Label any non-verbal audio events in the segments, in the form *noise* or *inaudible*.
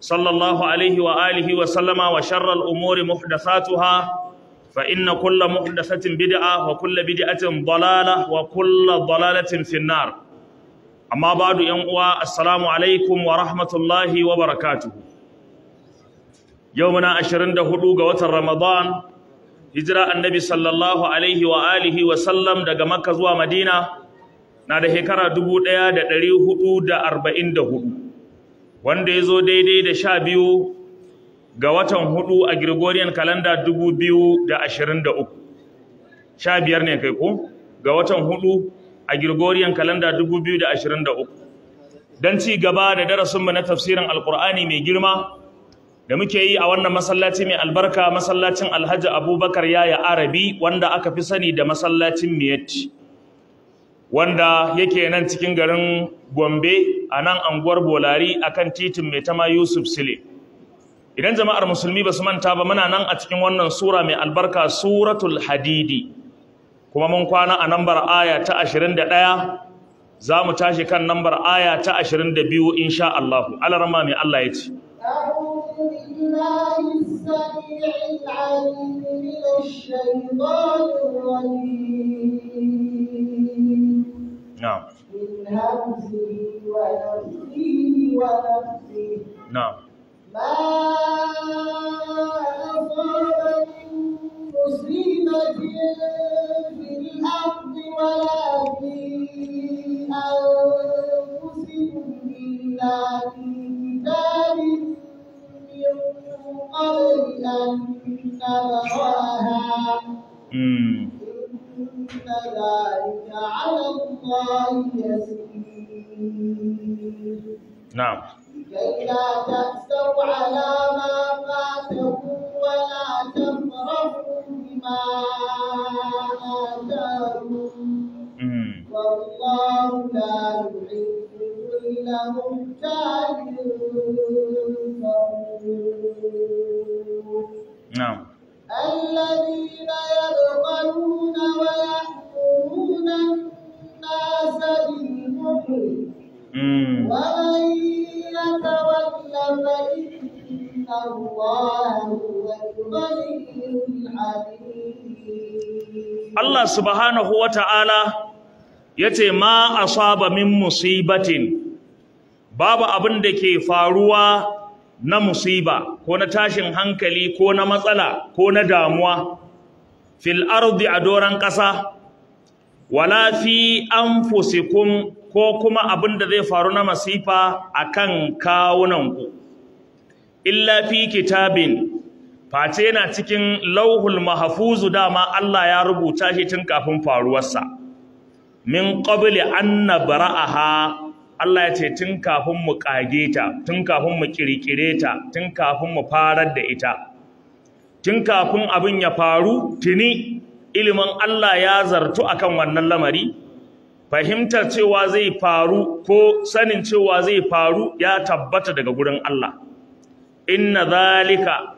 صلى الله عليه وآله وسلم وشر الأمور محدثاتها فإن كل محدثة بدعة وكل بدعة ضلالة وكل ضلالة في النار أما بعد ينقوى السلام عليكم ورحمة الله وبركاته يومنا أشرين دهدوغ وتر رمضان هجرة النبي صلى الله عليه وآله وسلم دقى مكة مدينة نادى هكرا دبو ديا دا دريو هدو دا أربعين دهدو wanda ya zo daidai da sha biyu ga watan hudu a Gregorian calendar dubu biyu da ashirin da uku. Sha biyar ne kai ko? Ga watan hudu a Gregorian calendar dubu biyu da ashirin da uku. Don ci gaba da darasinmu na tafsirin Alƙur'ani mai girma da muke yi a wannan masallaci mai albarka masallacin Alhaji Abubakar Yaya Arabi wanda aka fi sani da masallacin Miyetti. wanda yake nan cikin garin Gombe a nan anguwar Bolari akan titin mai tama Yusuf Sile. Idan jama'ar musulmi ba su manta ba muna nan a cikin wannan sura mai albarka suratul hadidi kuma mun kwana a nambar aya ta 21 za mu tashi kan nambar aya ta 22 insha Allah. Alarma mai Allah ya ce. أعوذ بالله السميع العليم من الشيطان الرجيم نعم من همزه ونفسه ونفسه نعم ما أصاب من مصيبة Now. subhanahu wa ta'ala ya ce ma a saba min musibatin babu abin da ke faruwa na musiba ko na tashin hankali ko na matsala ko na damuwa fil ardi a doron ƙasa wala fi fusikun ko kuma abin da zai faru na masifa a kan kawunanku illa fi kitabin face yana cikin lauhul mahfuzu dama Allah ya rubuta shi tun kafin faruwarsa min qabli an nabra'aha Allah ya ce tun kafin mu kage ta tun kafin mu kirkire ta tun kafin mu farar da ita tun kafin abin ya faru tuni ilimin Allah ya zartu akan wannan lamari fahimtar cewa zai faru ko sanin cewa zai faru ya tabbata daga gurin Allah inna zalika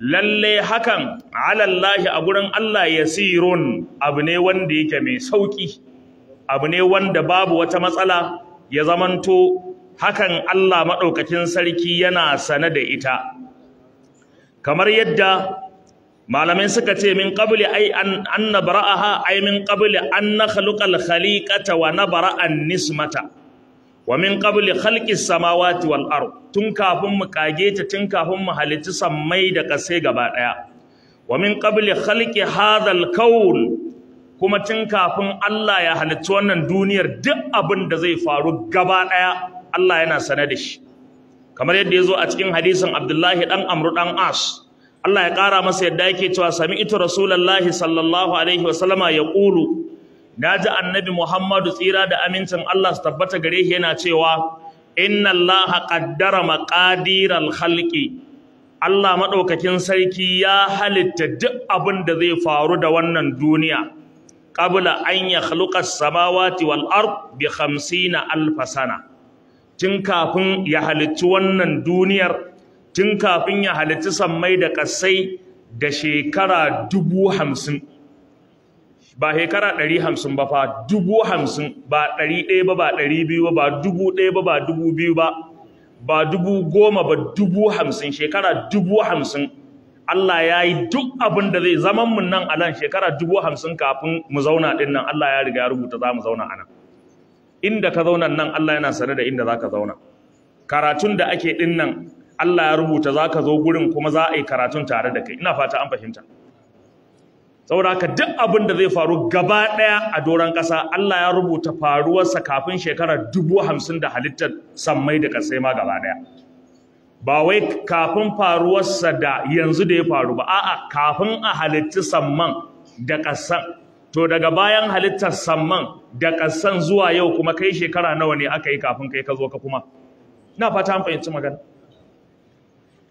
lalle hakan alallahi a gurin Allah Ya sirun abu ne wanda yake mai sauƙi, abu ne wanda babu wata matsala ya zamanto hakan Allah maɗaukacin sarki yana sane da ita kamar yadda malamai suka ce min qabli ai an annabra'aha ai min qabli an nakhluqal khaliqata wa nabra'an nismata wa min qabli khalqi samawati wal ard tun kafin mu kage ta tun kafin mu halitta sammai da kase gaba daya wa min qabli khalqi hadhal kawn kuma tun kafin Allah ya halitta wannan duniyar duk abin da zai faru gaba daya Allah yana sane da shi kamar yadda yazo a cikin hadisin Abdullahi dan Amru, dan As Allah ya kara masa yadda yake cewa sami sami'tu rasulullahi sallallahu alaihi wasallama yaqulu Na ji annabi Muhammadu tsira da amincin Allah su tabbata gare shi yana cewa inna Allah qaddara maqadir khalqi Allah madaukakin sarki ya halitta duk abin da zai faru da wannan duniya qabla an yakhluqa samawati wal ard bi 50 alf sana tun kafin ya halicci wannan duniyar tun kafin ya halicci sammai da kasai da shekara dubu hamsin ba shekara ɗari hamsin ba fa dubu hamsin ba ɗari ɗaya ba ba ɗari biyu ba ba dubu ɗaya ba ba dubu biyu ba ba dubu goma ba dubu hamsin shekara dubu hamsin Allah ya yi duk abin da zai zaman mun nan a nan shekara dubu hamsin kafin mu zauna ɗin nan Allah ya riga ya rubuta za mu zauna a nan inda ka zauna nan Allah yana sane da inda za ka zauna karatun da ake ɗin nan Allah ya rubuta za ka zo gurin kuma za a yi karatun tare da kai ina fata an fahimta saboda haka duk abin da zai faru gaba ɗaya a doron ƙasa Allah ya rubuta faruwarsa kafin shekarar dubu hamsin da halittar sammai da ƙasai ma gaba ɗaya ba wai kafin faruwarsa da yanzu da ya faru ba a'a kafin a halitta samman da ƙasan to daga bayan halittar samman da ƙasan zuwa yau kuma kai shekara nawa ne aka yi kafin kai ka zo ka kuma na fata an fahimci magana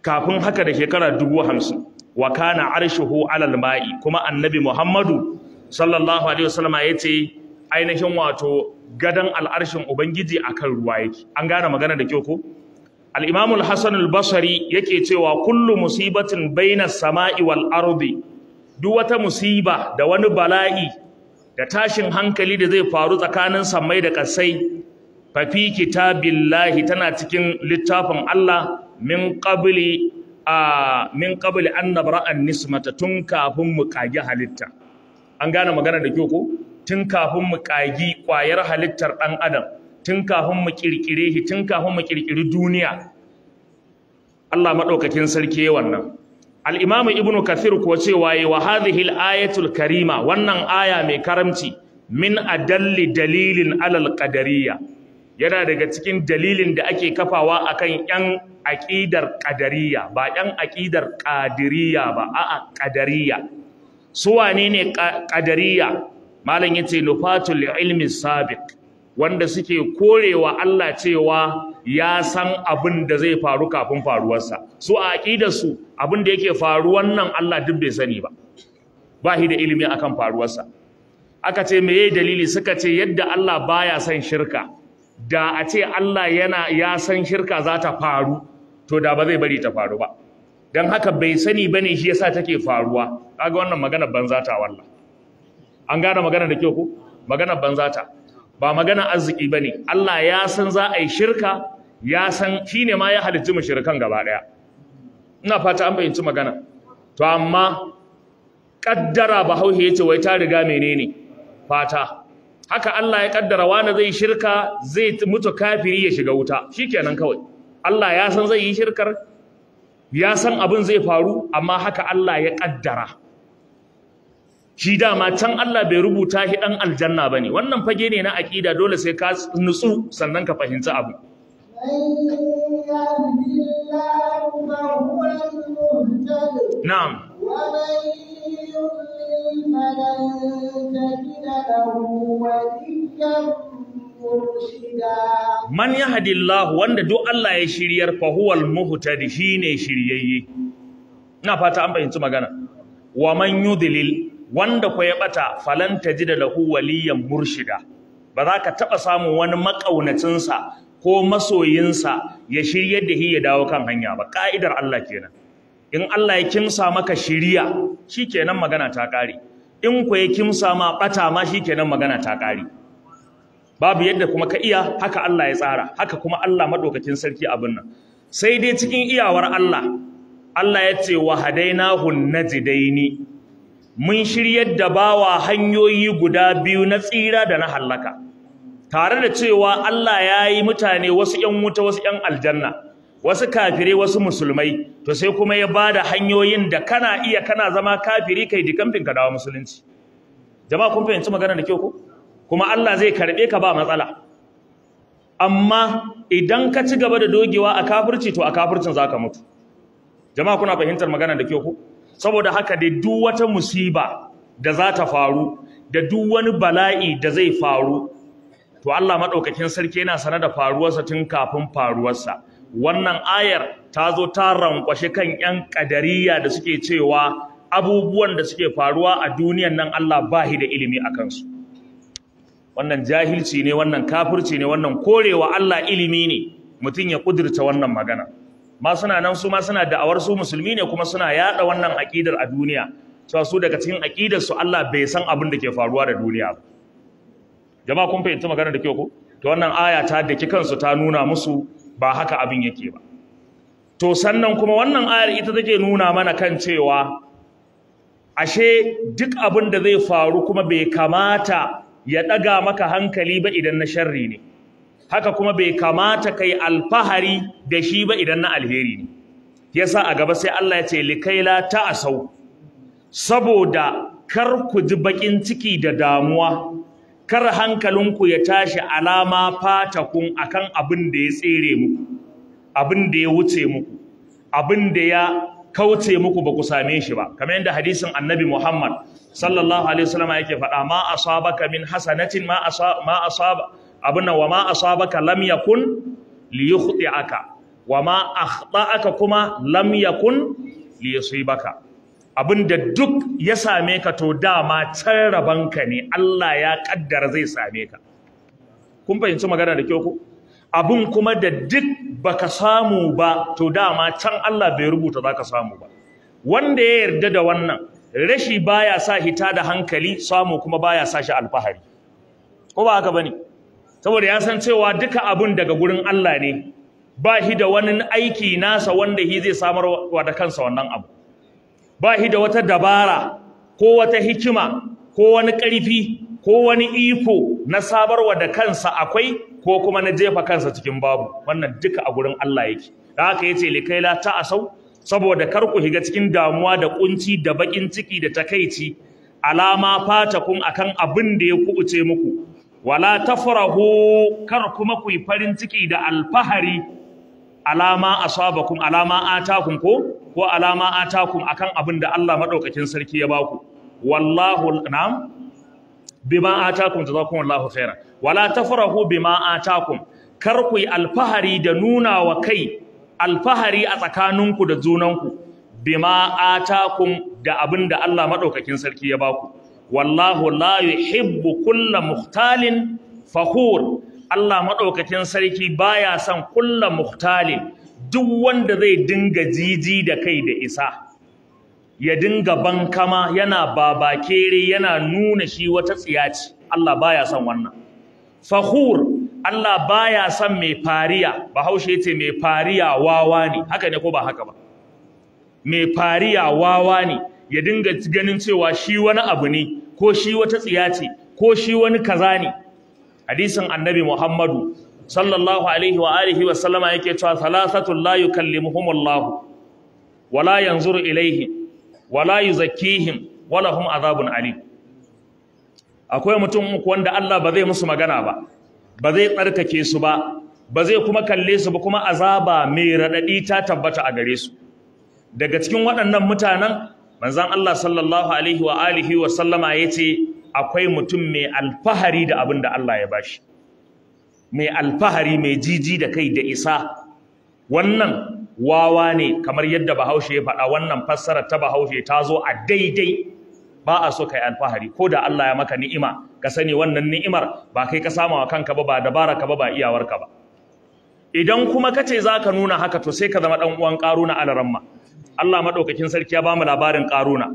kafin haka da shekara dubu hamsin wa kana arshuhu alal ma'i kuma annabi Muhammadu sallallahu alaihi wasallam yace ainihin wato gadan al'arshin ubangiji akan ruwa yake an gane magana da kyau ko al-imam al-hasan al-basri yake cewa kullu musibatin baina samai wal ardi duk wata musiba da wani bala'i da tashin hankali da zai faru tsakanin samai da kasai fi kitabillahi tana cikin littafin Allah min qabli a min kabili an nabra'a nismata tun kafin mu kagi halitta an gane magana da kyau ko tun kafin mu kagi kwayar halittar dan adam tun kafin mu kirkire shi tun kafin mu kirkiri duniya Allah madaukakin sarki wannan al-imamu ibnu kathir ko cewa yi wa hadhihi al-ayatul karima wannan aya mai karamci min adalli dalilin alal qadariyya yana daga cikin dalilin da ake kafawa akan yan aƙidar ƙadariya ba yan aƙidar ƙadiriya ba a'a ƙadariya su wane ne ƙadariya malam yace nufatul ilmi sabiq wanda suke korewa Allah cewa ya san abin da zai faru kafin faruwarsa su a su abin da yake faruwan nan Allah duk bai sani ba ba shi da ilimi akan faruwarsa aka ce meye dalili suka ce yadda Allah baya son shirka da a ce Allah yana ya san shirka za ta faru to da ba zai bari ta faru ba don haka bai sani ba ne shi yasa take faruwa kaga wannan magana banza ta walla an gane magana da kyau ko magana banza ta ba magana arziki ba ne Allah ya san za a yi shirka ya san shi ne ma ya mu shirkan gaba ɗaya ina fata an bayyanci magana to amma kaddara ya ce wai ta riga menene fata haka Allah ya kaddara wani zai shirka zai mutu kafiri ya shiga wuta Shi shikenan kawai Allah ya san zai yi shirkar ya san abin zai faru amma haka Allah ya kaddara shi dama can Allah bai rubuta shi dan aljanna ne. wannan fage ne na akida dole sai ka nutsu sannan ka fahimci abu na'am فلن Man ya hadillahu wanda duk Allah ya shiryar fahuwal muhtadi ne shiryayye. Ina fata an fahimci magana. Wa man yudlil wanda ku ya bata falan tajida lahu waliyan murshida. Ba za ka taba samun wani makaunacinsa ko masoyinsa ya shiryar da shi ya dawo kan hanya ba. Ka'idar Allah kenan. in Allah ya kimsa maka shiriya shikenan magana ta kare in ku ya kimsa ma bata ma shikenan magana ta kare babu yadda kuma ka iya haka Allah ya tsara haka kuma Allah madaukakin sarki abin nan sai dai cikin iyawar Allah Allah ya ce wa hadainahu najdaini mun shiryar da bawa hanyoyi guda biyu na tsira da na hallaka tare da cewa Allah ya yi mutane wasu ‘yan wuta wasu ‘yan aljanna wasu kafirai wasu musulmai to sai kuma ya bada hanyoyin da kana iya kana zama kafiri kai dikamfin ka dawo musulunci jama'a kun fahimci magana da kyau ko kuma Allah zai karbe ka ba matsala amma idan ka ci gaba da dogewa a kafirci to a kafircin zaka mutu jama'a kuna fahimtar magana da kyau ko saboda haka dai duk wata musiba da za ta faru da duk wani bala'i da zai faru to Allah madaukakin sarki yana sanar da faruwarsa tun kafin faruwarsa wannan ayar ta zo ta rankwashe kan 'yan ƙadariya da suke cewa abubuwan da suke faruwa a duniyan nan Allah shi da ilimi a kansu wannan jahilci ne wannan kafirci ne wannan korewa Allah ilimi ne mutum ya kudirta wannan magana ma suna nan su ma suna da'awar su musulmi ne kuma suna yada wannan aƙidar a duniya cewa su daga cikin aƙidar su Allah bai san abin da ke faruwa da duniya ba jama'a kun fahimta magana da kyau ko to wannan aya ta daki kansu ta nuna musu ba haka abin yake ba to sannan kuma wannan ayar ita take nuna mana kan cewa ashe duk abin da zai faru kuma bai kamata ya ɗaga maka hankali ba idan na sharri ne haka kuma bai kamata kai alfahari da shi ba idan na alheri ne yasa a gaba sai Allah ya ce likaila asau saboda kar ku ji bakin ciki da damuwa kar hankalinku ya tashi alama fatakun akan abin da ya tsere muku abin da ya wuce muku abin da ya kauce muku ba ku same shi ba kamar yadda hadisin annabi Muhammad sallallahu alaihi wasallam yake faɗa ma asabaka min hasanatin ma asaba ma asaba wa ma asabaka lam yakun liyukhti'aka wa ma akhta'aka kuma lam yakun liyusibaka Abin da duk ya same ka to dama can ka ne Allah ya kaddara zai same ka kun fahimci magana da kyau ko abin kuma da duk baka samu ba to dama can Allah bai rubuta zaka samu ba wanda ya yarda da wannan rashi baya sa hita da hankali samu kuma baya sa shi alfahari ko ba haka bane saboda ya san cewa duka abun daga gurin Allah ne ba shi da wani aiki nasa wanda hi zai samar wa da kansa wannan abu ba shi da wata dabara ko wata hikima ko wani ƙarfi ko wani iko na sabarwa da kansa akwai ko kuma na jefa kansa cikin babu wannan duka a gurin Allah yake da haka yace likaila ta asau saboda kar ku shiga cikin damuwa da kunci da bakin ciki da takaici alama fata kun akan abin da ya kubuce muku wala tafrahu kar kuma ku yi farin ciki da alfahari alama asabakum alama atakum ko ko alama atakum akan abin da Allah madaukakin sarki ya baku wallahu na'am bima atakum jazakumullahu khairan wala tafrahu bima atakum kar ku yi alfahari da nuna wa kai alfahari a tsakaninku da junanku bima atakum da abin da Allah madaukakin sarki ya baku wallahu la yuhibbu kulla muhtalin fakhur Allah maɗaukakin sarki baya son kulla muhtalin duk wanda zai dinga jiji da kai da isa ya dinga bankama yana babakere yana nuna shi wata tsiyaci Allah baya son wannan Fahur, Allah baya son mai fariya bahaushe ce mai fariya wawa ne haka ne ko ba haka ba mai fariya wawa ne ya dinga ganin cewa shi wani abu ne ko shi wata tsiyaci ko shi wani kaza ne hadisin annabi muhammadu sallallahu alaihi wa alihi wa sallama yake cewa thalathatul la yukallimuhumullahu wala yanzuru ilaihim wala yuzakkihim wala hum azabun alim akwai mutum uku wanda Allah ba zai musu magana ba ba zai tsarkake su ba ba zai kuma kalle su ba kuma azaba mai radadi ta tabbata a gare su daga cikin waɗannan mutanen manzon Allah sallallahu alaihi wa alihi wa sallama yace akwai mutum mai alfahari da abin da Allah ya ba shi mai alfahari mai jiji da kai da isa wannan wawa ne kamar yadda bahaushe ya faɗa wannan fassara ta bahaushe ta zo a daidai ba a so kai alfahari ko da Allah ya maka ni'ima ka sani wannan ni'imar ba kai ka samawa kanka ba ba dabara ka ba ba iyawarka ba idan kuma kace ka nuna haka to sai ka zama dan uwan karuna alaramma Allah madaukakin sarki ya ba mu labarin ƙaruna.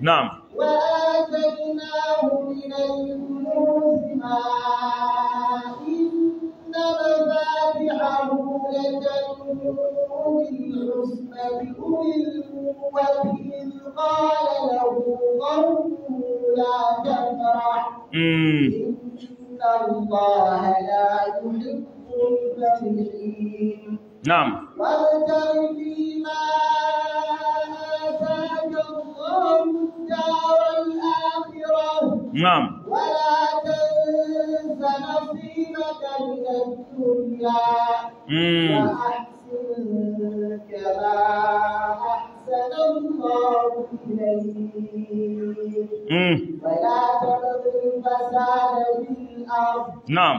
نعم وآتيناه من الكنوز ما إن مفاتحه لتنوء الحسن بأولي القوة إذ قال له قومه لا تفرح إن الله لا يحب نعم الله نعم ولا تنس نصيبك من الدنيا وأحسن كما أحسن الله إليك ولا تبغ الفساد في الأرض نعم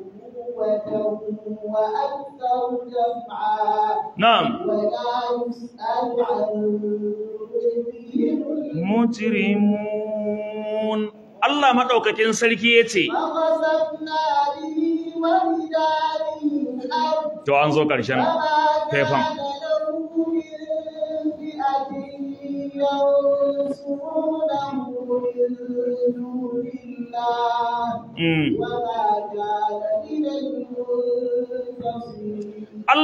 وأكثر نعم ولا يسأل عن Allah maɗaukakin sarki ce, To an zo ƙarshen faifan.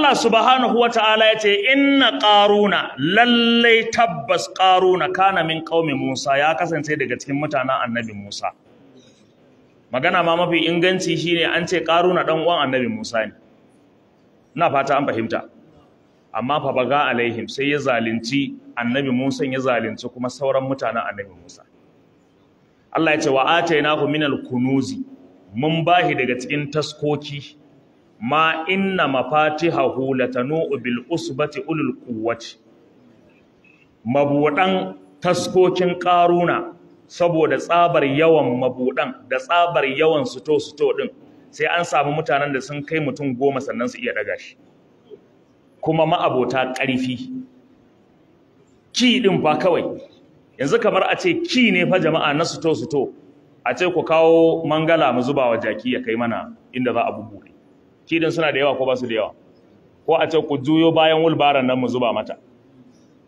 Allah subhanahu wata'ala ya ce inna qaruna lallai tabbas qaruna kana min qaumi Musa ya kasance daga cikin mutanen annabi Musa magana ma mafi inganci shine an ce qaruna dan uwan annabi Musa ne ina fata an fahimta amma fa baga alaihim sai ya zalunci annabi Musa ya zalunci kuma sauran mutanen annabi Musa Allah ya ce wa atainahu minal kunuzi mun bahi daga cikin taskoki ma inna mafatihahu latanu'u bil usbati ulul quwwati Mabuɗan taskokin ƙaruna saboda tsabar yawan mabuɗan da tsabar yawan suto suto ɗin, sai an samu mutanen da sun kai mutum goma sannan su iya daga shi kuma ma'abota ƙarfi ki ɗin fa kawai yanzu kamar a ce ki ne fa jama'a na suto suto a ce ku kawo mangala mu zuba wa jaki ya kai mana inda za a bubu kidan suna da yawa ko ba su da yawa ko a ce ku juyo bayan wulbaran nan mu zuba mata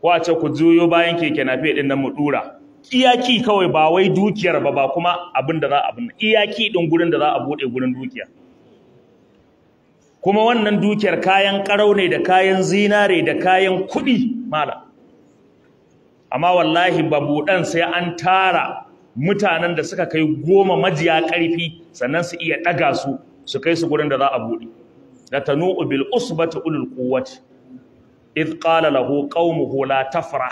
ko a ce ku juyo bayan keke nafe din nan mu dura iyaki kawai ba wai dukiyar ba ba kuma abin da za a bin iyaki din gurin da za a bude gurin dukiya kuma wannan dukiyar kayan karau ne da kayan zinare da kayan kuɗi mala amma wallahi babuɗan sai an tara mutanen da suka kai goma majiya ƙarfi sannan su iya ɗaga su su kai su gurin da za a buɗe da nu’u bil ta ulul kowace. ƙala qala lahu hula ta fara.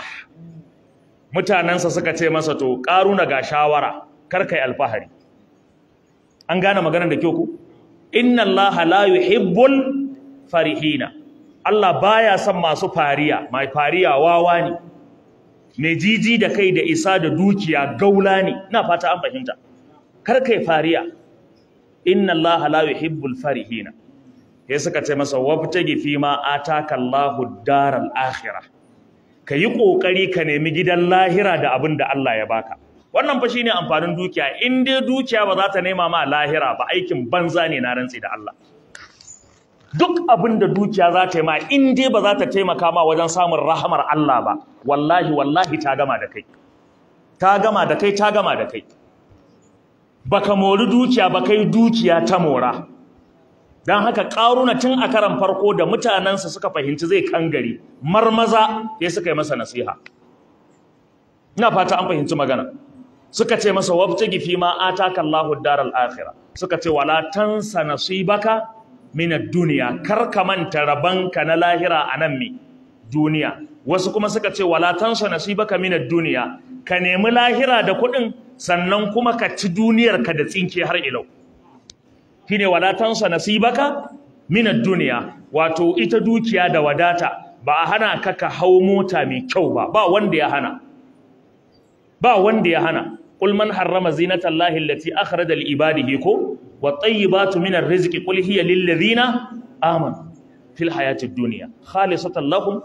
mutanensa suka ce masa to na ga shawara kar yi alfahari an gane maganar da kyau ku inna Allah la yuhibbul farihina Allah baya son masu fariya mai fariya wawa ne mai jiji da kai da isa da dukiya gaula ne ina fata an fahimta kar yi fariya inna Allah la yuhibbul farihina ya suka ce masa wabtagi fi ma ataka Allahu daral akhirah ka kokari ka nemi gidan lahira da abin da Allah ya baka wannan fa shine amfanin dukiya in dai dukiya ba za ta nema ma lahira ba aikin banza ne na rantsi da Allah duk abinda dukiya za ta yi ma in dai ba za ta taimaka ma wajen samun rahamar Allah ba wallahi wallahi ta gama da kai ta gama da kai ta gama da kai baka mori dukiya ba kai dukiya ta mora don haka ƙaruna tun a karan farko da mutanensa suka fahimci zai kangare marmaza ya suka yi masa nasiha ina fata an fahimci magana suka ce masa wabtigi Gifi ma ataka Allahu daral akhirah suka ce wala tansa nasibaka min ad-dunya kar ka manta rabanka na lahira anan mi duniya wasu kuma suka ce wala tansa nasibaka min ad-dunya ka nemi lahira da kuɗin sannan kuma ka ci duniyarka da tsinke har ilau shine wala tansa nasibaka minad duniya, wato ita dukiya da wadata ba a hana ka ka hau mota mai kyau ba ba wanda ya hana ba wanda ya hana qul harrama zinata allahi allati akhraja li ibadihi ko wat tayyibatu minar rizqi qul hiya lil ladina fil hayatid dunya khalisatan lahum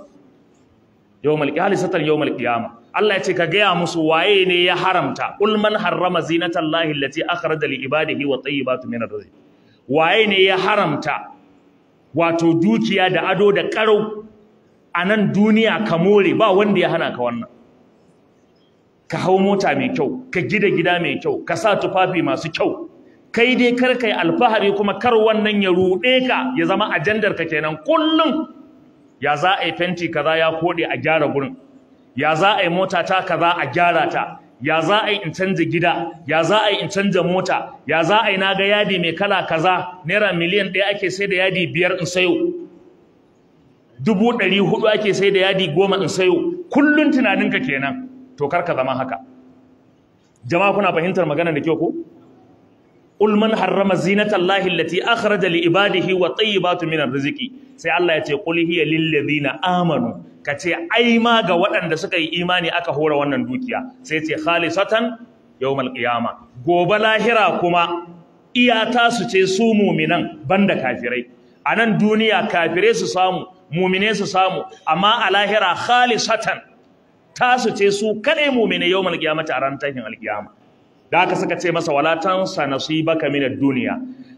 yawmal qiyamah Allah ya ce ka gaya musu waye ne ya haramta qul man harrama zinatallahi allati akhraja li ibadihi wa tayyibatu min arrizq waye ne ya haramta wato dukiya da ado da karau a nan duniya ka more ba wanda ya hana ka wannan ka hau mota mai kyau ka gida gida mai kyau ka sa tufafi masu kyau kai dai kar kai alfahari kuma kar wannan ya rude ka ya zama ajandar ka kenan kullum ya za a yi fenti kaza ya koɗe a gyara gurin ya za a yi mota ta kaza a gyara ta ya za a yi in canza gida ya za a yi in canza mota ya za a yi na ga yadi mai kala kaza naira miliyan ɗaya ake sai da yadi biyar in sayo dubu ɗari hudu ake sai da yadi goma in sayo kullum tunaninka kenan to kar ka zama haka jama'a kuna fahimtar magana da kyau ko قل من حرم زينة الله التي أخرج لعباده والطيبات من الرزق سي الله ya ce هي للذين آمنوا ka ce ai ma ga waɗanda suka yi imani aka hora wannan dukiya sai ce khalisatan yawmal qiyama gobe lahira kuma iya tasu ce su muminan banda kafirai a nan duniya kafirai su samu mumine su samu amma a lahira khalisatan su ce su kaɗai mumine yawmal qiyamati a ran tashin alqiyama da aka suka ce masa wala sanasi baka minad duniya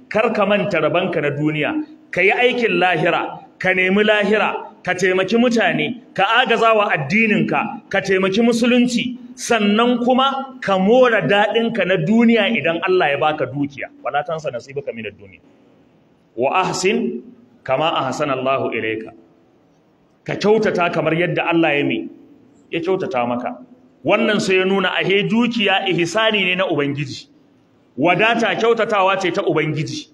kar ka manta rabanka na duniya kayi aikin lahira ka nemi lahira ka taimaki mutane ka agaza wa addininka ka taimaki musulunci sannan kuma ka more daɗinka na duniya idan Allah ya baka dukiya wala tansa nasibaka min ad-dunya wa ahsin kama ahsana Allah ilayka ka kyautata kamar yadda Allah ya mi ya kyautata maka wannan sai ya nuna ahe dukiya ihsani ne na ubangiji wadata kyautatawa ce ta ubangiji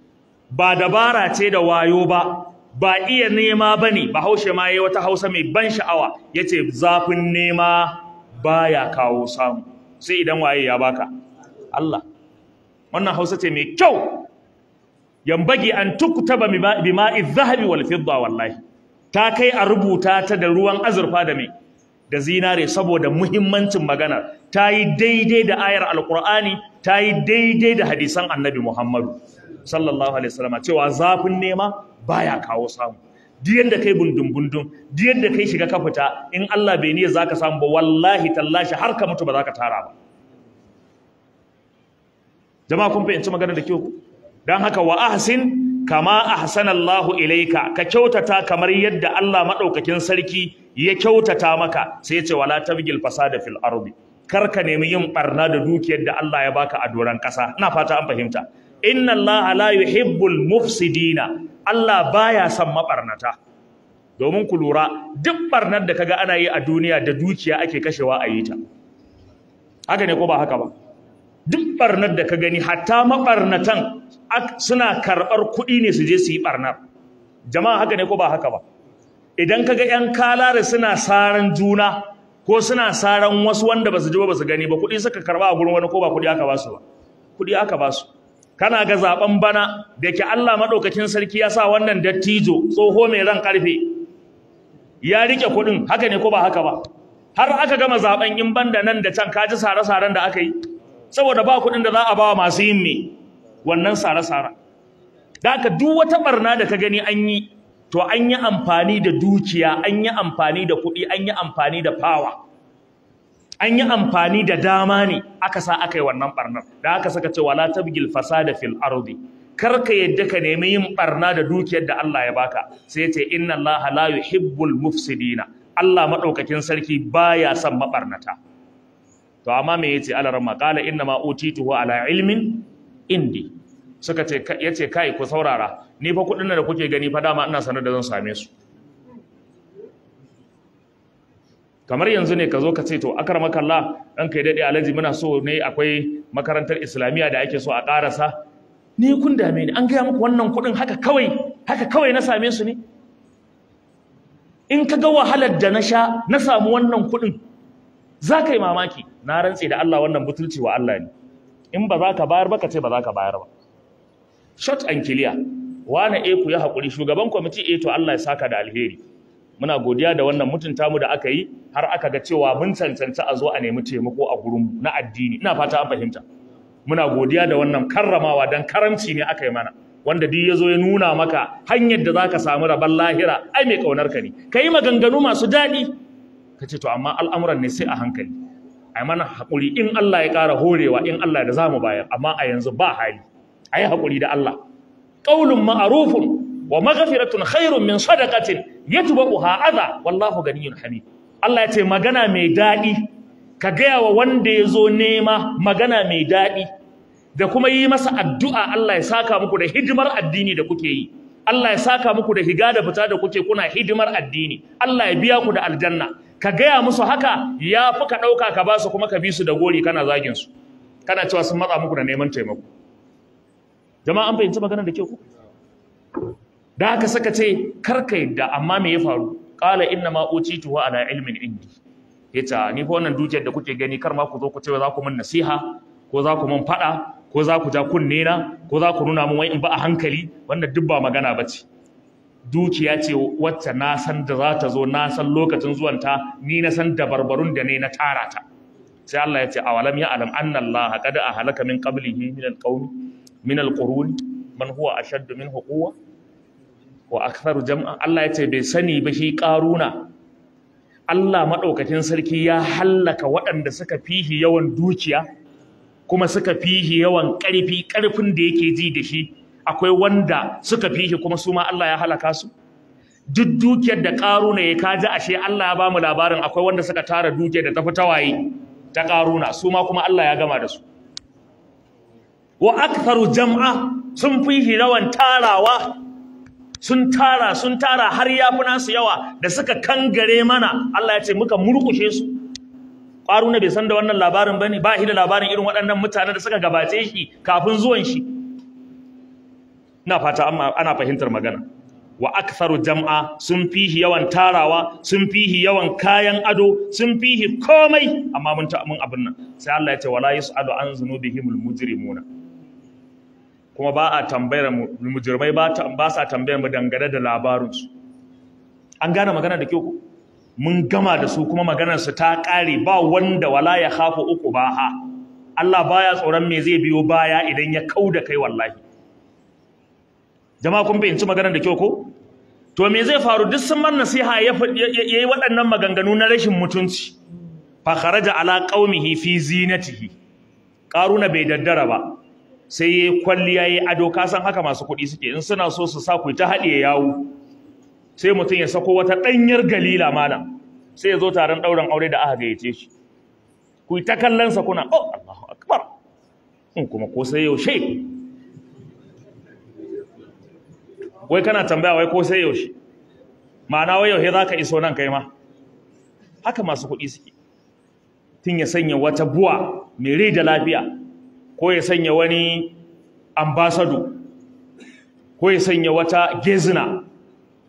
ba dabara ce da wayo ba ba iya nema bane bahaushe ma yayi wata hausa mai ban sha'awa Ya ce zafin nema baya kawo samu sai idan waye ya baka Allah wannan hausa ce mai kyau yambagi an tukutaba bima'i zahabi wal fidda wallahi ta kai a rubuta ta da ruwan azurfa da mai da zinare saboda muhimmancin magana ta yi daidai da ayar alkur'ani ta yi daidai da hadisan annabi muhammadu sallallahu alaihi salama cewa zafin nema baya kawo samu diyan da kai bundun bundun diyan da kai shiga ka in Allah bai niyya zaka samu ba wallahi tallashi har ka mutu ba zaka tara ba jama'a kun fahimci magana da kyau dan haka wa ahsin kama ahsanallahu ilaika ka kyautata kamar yadda Allah madaukakin sarki ya kyautata maka sai ya ce wala tabgil fasada fil ardi kar ka nemi yin barna da dukiyar da Allah ya baka a doran kasa ina fata an fahimta inna Allah la yuhibbul mufsidina Allah baya son mabarnata domin ku lura duk barnar da kaga ana yi a duniya da dukiya ake kashewa a yi ta haka ne ko ba haka ba duk barnar da ka gani hatta mabarnatan suna karɓar kuɗi ne su je su yi barnar jama'a haka ne ko ba haka ba idan kaga yan kalare suna saran juna ko suna saran wasu wanda basu ji ba basu gani ba kuɗi suka karba a gurin wani ko ba kuɗi aka ba su ba kuɗi aka ba su kana ga zaben bana da ke Allah madaukakin sarki ya sa wannan dattijo tsoho mai ran karfe ya rike kuɗin haka ne ko ba haka ba har aka gama zaben in banda nan da can kaji sare-saren da aka yi saboda ba kuɗin da za a bawa masu yin me wannan sare-sare da aka duk wata barna da ka gani an yi to an yi amfani da dukiya an yi amfani da kuɗi an yi amfani da fawa an yi amfani da dama ne aka sa aka yi wannan barnar da aka saka cewa la tabgil fasada fil ardi kar ka yadda ka nemi yin ɓarna da dukiyar da Allah ya baka sai ce inna Allah la yuhibbul mufsidina Allah madaukakin sarki baya son mabarnata to amma me yace Allah ramma qala inna ma utituhu ala ilmin indi suka ce ya ce kai ku saurara ni fa kuɗin da kuke gani fa dama ina sanar da zan same su kamar yanzu ne ka zo ka ce to akar makalla ɗan kai dade alaji muna so ne akwai makarantar islamiyya da ake so a ƙarasa ni kun dame ni an gaya muku wannan kuɗin haka kawai haka kawai na same su ne in ka ga wahalar da na sha na samu wannan kuɗin za ka mamaki na rantse da Allah wannan butulci wa Allah ne in ba za ka bayar ba ka ce ba za ka bayar ba Shot and clear wane eh ku ya hakuri shugaban kwamiti eh to Allah ya saka da alheri muna godiya da wannan mutunta mu da aka yi har aka ga cewa mun cancanci a zo a nemi taimako a gurin na addini ina fata an fahimta muna godiya da wannan karramawa dan karamci ne aka yi mana wanda duk ya zo ya nuna maka hanyar da za ka samu rabon lahira ai mai ƙaunar ka ne ka yi maganganu masu daɗi ka ce to amma al'amuran ne sai a hankali ai mana haƙuri in Allah ya ƙara horewa in Allah da zamu bayar amma a yanzu ba hali a yi haƙuri da Allah ƙaulun ma'arufin wa magafiratun khairun min sadaqatin yatba'uha adha wallahu ganiyyun hamid Allah ya ce magana mai daɗi ka gaya wa wanda ya zo nema magana mai daɗi da kuma yi masa addu'a Allah ya saka muku da hidimar addini da kuke yi Allah ya saka muku da higa da fita da kuke kuna hidimar addini Allah ya biya ku da aljanna ka gaya musu haka ya fi ka ɗauka ka ba su kuma ka bi su da gori kana zagin su kana cewa sun matsa muku da neman taimako jama'a an fahimci maganar da ke ku da haka saka ce karka yadda amma me ya faru qala inna ma utitu wa ala ilmin indi yace ni fa wannan dukiyar da kuke gani kar ma ku zo ku ce za ku min nasiha ko za ku min fada ko za ku ja kunne na ko za ku nuna min wai in ba a hankali wannan duk ba magana bace dukiya ce wacce na san da za ta zo na san lokacin zuwanta ni na san da barbarun da ne na tara ta sai Allah ya ce awalam ya alam anna Allah qad ahlaka min qablihi min alqawmi min alqurun man huwa ashaddu minhu quwwa wa aktharu jam'a Allah yace bai sani ba shi karuna Allah madaukakin sarki ya hallaka waɗanda suka fihi yawan dukiya kuma suka fihi yawan ƙarfi ƙarfin da yake ji da shi akwai wanda suka fihi kuma su ma Allah ya halaka su duk dukiyar da karuna ya kaji ashe Allah ya bamu labarin akwai wanda suka tara dukiyar da tafi tawaye ta karuna su ma kuma Allah ya gama da su wa aktharu jam'a sun fi hirawan tarawa sun tara sun tara har yafi nasu yawa da suka kangare mana Allah ya ce muka murkushe su Ƙaruna bai san da wannan labarin bane ba shi da labarin irin waɗannan mutanen da suka gabace shi kafin zuwan shi ina fata amma ana fahimtar magana wa aktharu jam'a sun fihi yawan tarawa sun fihi yawan kayan ado sun fihi komai amma mun ta mun abin nan sai Allah ya ce wala yasalu an zunubihimul mujrimuna kuma ba a tambayar mu mujirmai ba sa tambayar mu dangane da labarinsu an gane magana da kyau mun gama da su kuma maganar su ta kare ba wanda wala ya hafa uku ba ha Allah baya tsoron me zai biyo baya idan ya kau da kai wallahi jama'a kun fahimci maganar da kyau ko to me zai faru duk sun man nasiha ya yi waɗannan maganganu na rashin mutunci fa kharaja ala qaumihi fi zinatihi qaruna bai daddara ba sai yayi kwalliya yi ado ka san haka masu kuɗi suke in suna so su sa ku ta ya yawo sai mutum ya sako wata ɗanyar galila malam sai ya zo taron ɗaurin aure da aka gayyace shi ku ta kallon kuna oh Allahu akbar in hmm, kuma ko sai yaushe wai kana tambaya wai ko sai yaushe ma'ana wai yaushe za ka iso nan kai ma haka masu kuɗi suke tun ya sanya wata buwa mai rai da lafiya ko ya sanya wani ambasado ko ya sanya wata gezina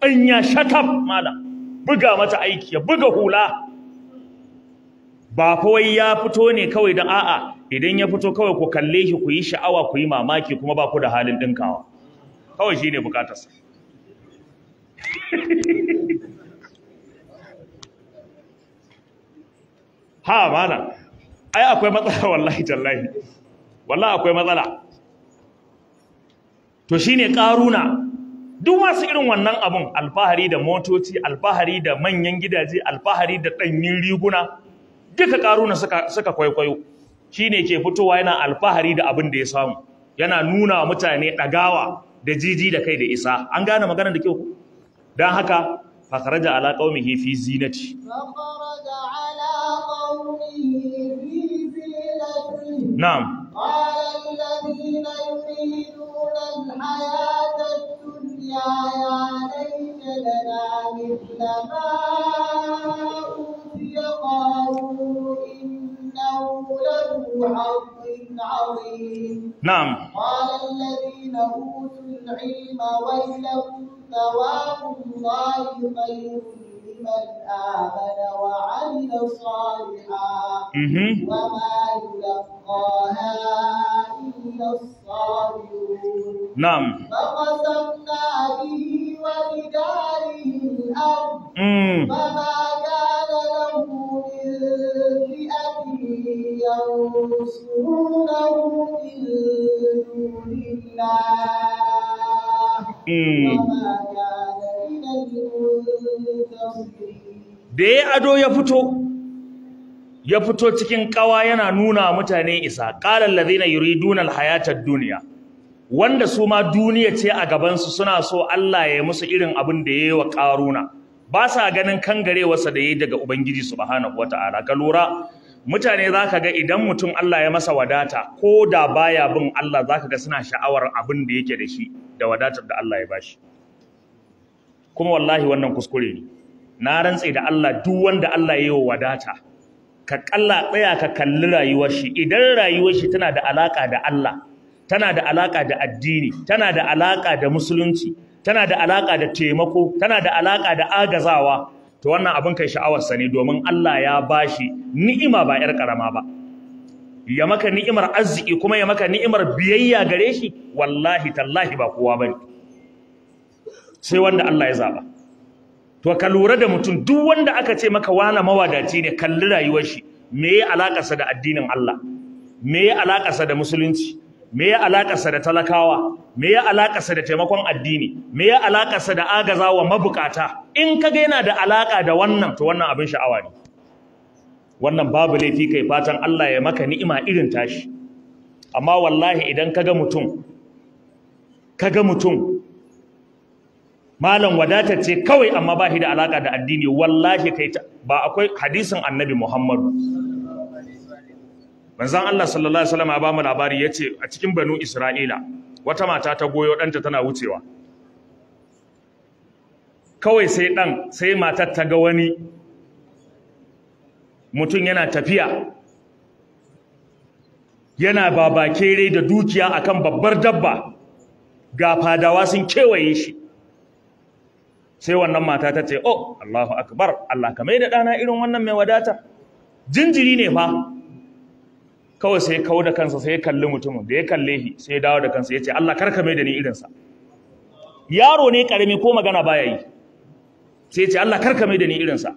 ya shatab malam buga mata aiki ya buga hula ba kawai ya fito ne kawai don a'a idan ya fito kawai ku kalle shi ku yi sha'awa ku yi mamaki kuma ba ku da halin ɗinkawa kawai shi ne bukatarsa *laughs* ha mana ai akwai matsala wallahi jallahi wallahi akwai matsala to shine karuna duk masu irin wannan abun alfahari da motoci alfahari da manyan gidaje alfahari da danyin riguna duka ƙaruna suka suka kwaikwayo shine ke fitowa yana alfahari da abin da ya samu yana nuna wa mutane dagawa da jiji da kai da isa an gane magana da kyau don haka fakaraja ala qaumihi fi zinati fi zinati na'am قال الذين الحياة الدنيا لنا مثل ما أوتي إنه له عظيم نعم قال الذين أوتوا العلم ويلكم ثواب الله خير من آمن وعمل صالحا وما يلقاها إلا الصابرون نعم فقسمنا به ولداره الأرض فما كان له من فئة ينصرونه من دون الله وما كان da ya ado ya fito ya fito cikin kawa yana nuna mutane isa qalan ladhina yuriduna alhayata ad-dunya wanda su ma duniya ce a gabansu, suna so Allah ya yi musu irin abin da yayi wa ƙaruna, ba sa ganin kangarewarsa da yayi daga ubangiji subhanahu wataala ka lura mutane za ka ga idan mutum Allah ya masa wadata ko da baya bin Allah za ka ga suna sha'awar abin da yake da shi da wadatar da Allah ya bashi kuma wallahi wannan kuskure ne na rantse da Allah duk wanda Allah ya yi wa wadata ka kalla tsaya ka kalli rayuwar shi idan rayuwar shi tana da alaka da Allah tana da alaka da addini tana da alaka da musulunci tana da alaka da taimako tana da alaka da agazawa to wannan abin kai sha'awar ne domin Allah ya bashi ni'ima ba yar karama ba ya maka ni'imar arziki kuma ya maka ni'imar biyayya gare shi wallahi tallahi ba kowa bane sai wanda Allah ya zaba to ka lura da mutum duk wanda aka ce maka wala mawadaci ne kalli rayuwar shi me ya sa da addinin Allah me ya sa da musulunci me ya sa da talakawa me ya sa da taimakon addini me ya sa da agazawa mabukata in ka ga yana da alaka da wannan to wannan abin sha'awa ne wannan babu laifi kai fatan Allah ya maka ni'ima irin tashi amma wallahi idan ka ga mutum ka ga mutum malam wadata ce kawai amma ba shi da alaka da addini wallahi kai ba akwai hadisin annabi muhammadu manzon Allah sallallahu alaihi wasallam ya ba mu labari yace a cikin banu isra'ila wata mata ta goyo danta tana wucewa kawai sai ɗan, sai matar ta ga wani mutum yana tafiya yana babakere da dukiya akan babbar dabba ga fadawa sun kewaye shi sai wannan mata ta ce oh Allahu akbar Allah ka mai da dana irin wannan mai wadata jinjiri ne fa kawai sai kawo da kansa sai kalli mutumin da ya kalle shi sai dawo da kansa ya ce Allah kar ka mai da ni irinsa yaro ne karami ko magana baya yi sai ce Allah kar ka mai da ni irinsa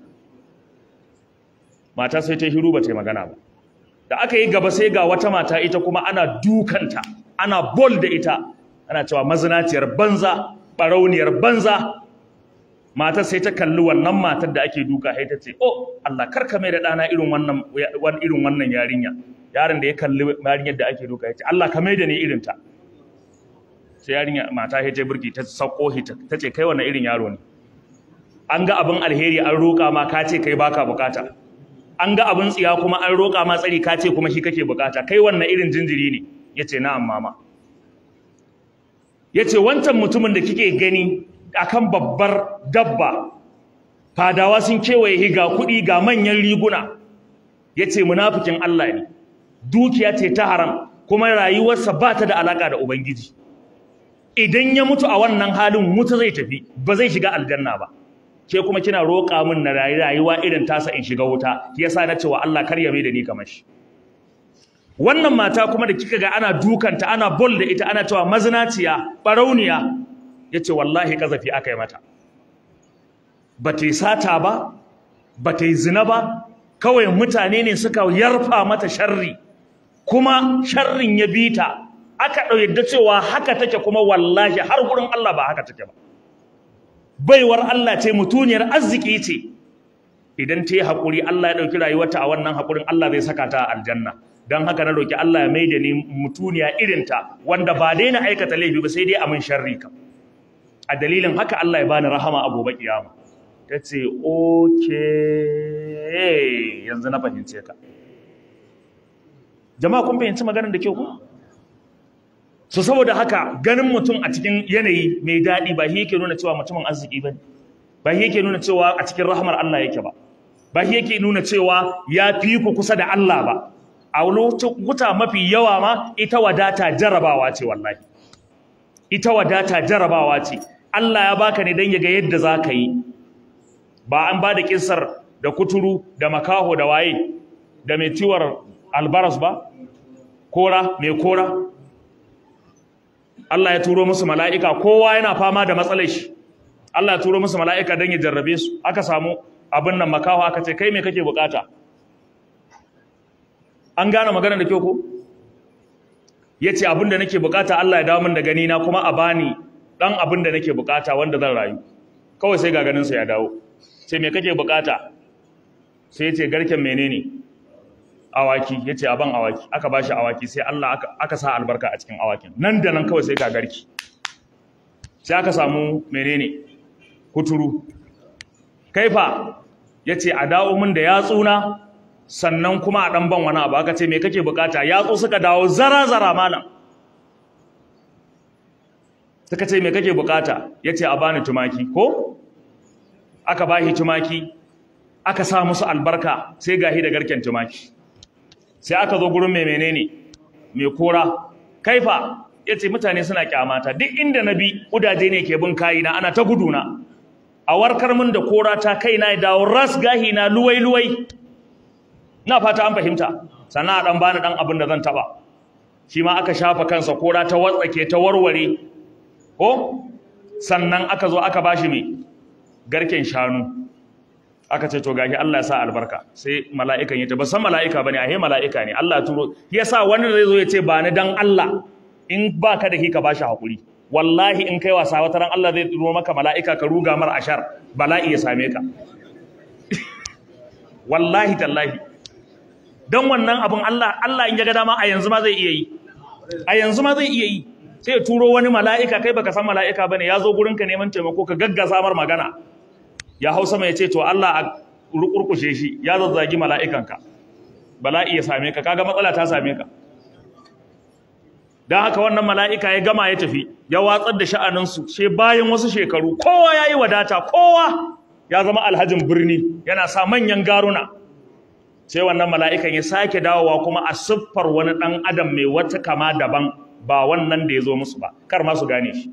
mata sai ta hiru ba ta magana ba da aka yi gaba sai ga wata mata ita kuma ana dukanta ana bol da ita ana cewa mazinaciyar banza barauniyar banza matar sai ta kalli wannan matar da ake duka sai ta ce oh Allah karka mai da dana irin wannan irin wannan yarinya yaron da ya kalli yarinyar da ake duka ya ce Allah ka mai da ni irin ta sai yarinya mata ta burki ta hita ta ce kai wannan irin yaro ne an ga abin alheri an roƙa ma ka ce kai baka bukata an ga abin tsiya kuma an roƙa ma tsari ka ce kuma shi kake bukata kai wannan irin jinjiri ne yace na'am mama yace wancan mutumin da kike gani akan babbar dabba fadawa sun kewaye higa kuɗi ga manyan riguna ya ce munafikin Allah ne dukiya ce ta haram kuma rayuwarsa ba ta da alaƙa da Ubangiji idan ya mutu a wannan halin wuta zai tafi ba zai shiga aljanna ba ke kuma kina roƙa min na rayuwa irin tasa in shiga wuta yasa na cewa Allah kar ya da ni kamar shi wannan mata kuma da kika ga ana dukanta ana bol da ita ana cewa mazinaciya barauniya ya ce wallahi ƙazafi aka yi mata ba ta yi sata ba ba ta yi zina ba kawai mutane ne suka yarfa mata sharri kuma sharrin ya bi ta aka da cewa haka take kuma wallahi har gurin Allah ba haka take ba baiwar Allah ce mutuniyar arziki ce idan ta yi haƙuri Allah ya ɗauki rayuwarta a wannan haƙurin Allah zai saka ta aljanna don haka na roƙi Allah ya maida ni mutuniya irinta wanda ba daina aikata laifi ba sai dai amin sharri kam a dalilin haka Allah ya bani rahama a gobe kiyama ta ce oke yanzu na fahimce ka jama'a kun fahimci maganar da kyau ku so saboda haka ganin mutum a cikin yanayi mai daɗi ba shi yake nuna cewa mutumin arziki ba ba shi yake nuna cewa a cikin rahamar Allah yake ba ba shi yake nuna cewa ya fi ku kusa da Allah ba a wuta mafi yawa ma ita wadata jarabawa ce wallahi ita wadata jarabawa ce Allah ya baka ne dan ya ga yadda za ka yi ba an ba da kisar da kuturu da makaho da waye da mai ciwar albaras ba kora mai kora Allah ya turo musu mala'ika kowa yana fama da matsalar shi Allah ya turo musu mala'ika don ya jarrabe su aka samu abin nan makaho aka ce kai me kake bukata an gane magana da kyau ko Ya ce abin da nake bukata Allah ya dawo min da gani na kuma a bani dan abin da nake bukata wanda zan rayu kawai sai ga sa ya dawo sai me kake bukata sai yace garken menene awaki yace aban awaki aka bashi awaki sai Allah aka aka sa albarka a cikin awakin nan da nan kawai sai ga garki sai aka samu menene kuturu kaifa yace a dawo min da yatsuna sannan kuma a dan ban wani abu aka ce me kake bukata yatsu suka dawo zara zara malam suka ce me kake bukata yace a bani tumaki ko aka bahi tumaki aka sa musu albarka sai gahi da garken tumaki sai aka zo gurin mai menene mai kora kaifa yace mutane suna kyamata duk inda na bi kudaje ne ke bin kayina ana ta guduna a warkar min da kora ta na ya dawo ras gahi na luwai luwai na fata an fahimta sannan a dan bani dan abin da zan taba shi ma aka shafa kansa kora ta watsake ta warware ko sannan aka zo aka bashi mai garken shanu aka ce to gashi Allah ya sa albarka sai mala'ikan ya ce ba san mala'ika bane ahe mala'ika ne Allah turo ya sa wani zai zo ya ce ba ni dan Allah in ba ka da ka bashi hakuri wallahi in kai wasa wata ran Allah zai turo maka mala'ika ka ruga mar ashar bala'i ya same ka *laughs* wallahi tallahi dan wannan abun Allah Allah in ya ga dama a yanzu ma zai iya yi a yanzu ma zai iya yi sai turo wani mala'ika kai baka san mala'ika ba ne ya zo gurinka neman taimako ka gaggasa mar magana ya hausa mai ce to Allah a rukurkushe shi ya zazzagi mala'ikanka bala'i ya same ka kaga matsala ta same ka don haka wannan mala'ika ya gama ya tafi ya watsar da sha'aninsu sai bayan wasu shekaru kowa ya yi wadata kowa ya zama alhajin birni yana sa manyan garuna sai wannan mala'ikan ya sake dawowa kuma a siffar wani ɗan adam mai wata kama daban ba wannan da ya zo musu ba kar ma su gane shi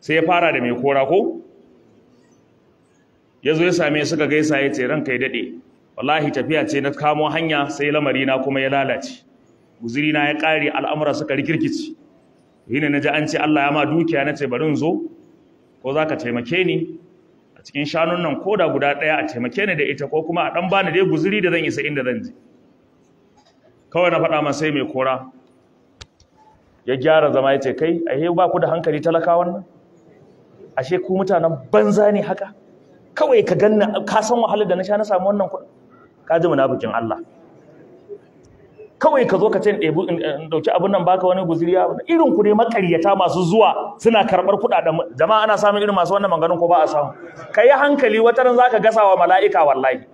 sai ya fara da mai kora ko ya zo ya same suka gaisa ya ce ran kai daɗe wallahi tafiya ce na kamo hanya sai lamari na kuma ya lalace guziri na ya ƙare al'amura suka rikirkici Yine ne na ji an ce Allah ya ma dukiya na ce barin zo ko za ka taimake ni a cikin shanun nan ko da guda ɗaya a taimake ni da ita ko kuma a ɗan bani dai guziri da zan isa inda zan je kawai na faɗa masa sai mai kora ya gyara zama ya ce kai yi ba ku da hankali talakawan nan ashe ku mutanen banza ne haka kawai ka ganna ka san wahalar da na sha na samu wannan kuɗin ka ji munafikin Allah kawai ka zo ka ce in dauki abin nan baka wani guziri irin ku ne makaryata masu zuwa suna karbar kudaden jama'a ana samun irin masu wannan maganganun ko ba a samu kai hankali wata ran zaka gasawa mala'ika wallahi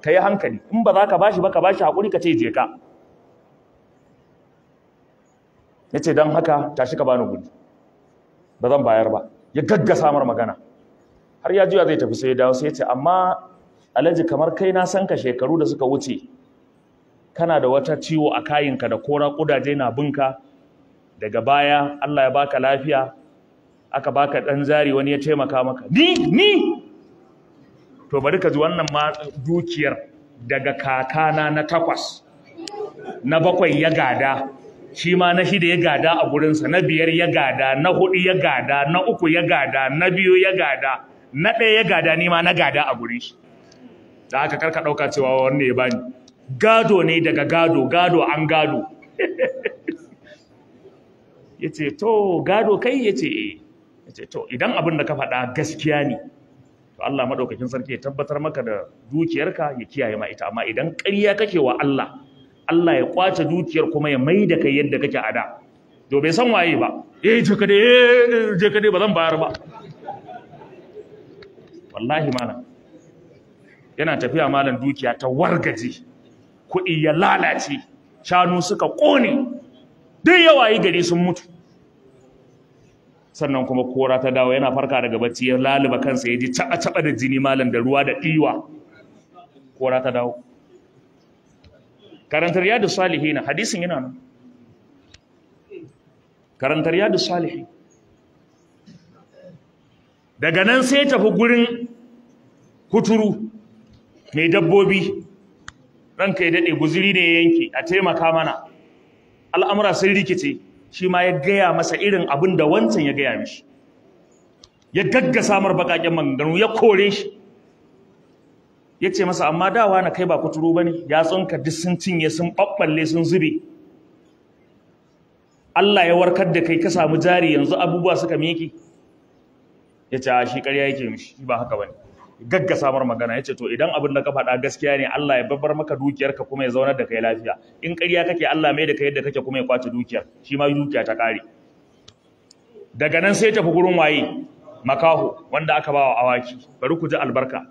kai hankali in ba ka bashi ba ka bashi hakuri ka ce je ka ya ce don haka tashi ka bani gudi ba zan bayar ba ya gagga samar magana har ya juya zai tafi sai ya dawo sai ya ce amma alhaji kamar kai na san ka shekaru da suka wuce kana da wata ciwo a kayinka da kora kudaje na binka daga baya Allah ya baka lafiya aka baka dan zari wani ya taimaka maka ni ni to bari ka ji wannan ma dukiyar daga kakana na takwas na bakwai ya gada shi ma na shida ya gada a gurinsa na biyar ya gada na hudu ya gada na uku ya gada na biyu ya gada na ɗaya ya gada ni ma na gada a gurin shi da aka karka ɗauka cewa wanne ya bani gado ne daga gado gado an gado *laughs* ya ce to gado kai ya ce eh. ya ce to idan abin da ka faɗa gaskiya ne to Allah maɗaukakin sarki ya tabbatar maka da dukiyarka ya kiyaye ma ita amma idan ƙarya kake wa Allah Allah ya kwace dukiyar kuma ya mai da kai yadda kake a da to bai san waye ba eh je ka eh je ka ba zan bayar ba wallahi malam yana tafiya malam dukiya ta wargaji kuɗi ya lalace shanu suka ƙone duk yawayi gari sun mutu sannan kuma kora ta dawo yana farka daga bacci ya laluba kansa ya ji caɓa-caɓa da jini malam da ruwa da ɗiwa kora ta dawo Karantar yadda salihi na hadisin yana nan Karantar yadda salihi. daga nan sai tafi gurin huturu mai dabbobi ranka ya daɗe guziri ne ya yanke a taimaka mana al'amura sun rikice shi ma ya gaya masa irin abin da wancan ya gaya mishi ya gaggasa mar baƙaƙen maganganu ya kore shi ya ce masa amma dawa na kai ba kuturu ba ne yatsunka duk sun cinye sun ɓaɓɓalle sun zube Allah ya warkar da kai ka samu jari yanzu abubuwa suka miki ya ce a shi ƙarya yake mishi ba haka ba ne gagga samar magana ya ce to idan abin da ka faɗa gaskiya ne Allah ya babbar maka dukiyarka kuma ya zaunar da kai lafiya in ƙarya kake Allah mai da kai yadda kake kuma ya kwace dukiyar shi ma dukiya ta ƙare daga nan sai tafi gurin waye makaho wanda aka ba wa awaki bari ku ji albarka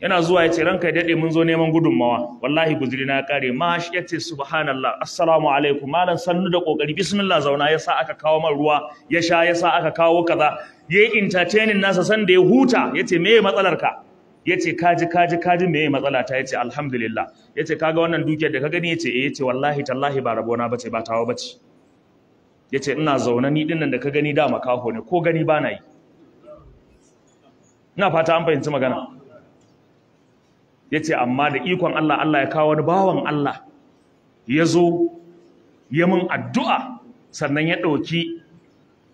yana zuwa ya ce ranka ya daɗe mun zo neman gudunmawa wallahi guzuri na kare ma ya ce subhanallah assalamu alaikum malam sannu da kokari bismillah zauna ya sa aka kawo man ruwa ya sha ya sa aka kawo kaza ya yi entertaining nasa san da ya huta ya ce meye matsalar ka ya ce kaji kaji kaji meye matsala ta ya ce alhamdulillah ya ce kaga wannan dukiyar da ka gani ya ce eh ya ce wallahi tallahi ba rabona bace ba tawa bace ya ce ina zaune ni nan da ka gani da makaho ne ko gani ba na yi ina fata an fahimci magana ya ce amma da ikon Allah Allah ya kawo wani bawan Allah ya zo ya min addu'a sannan ya ɗauki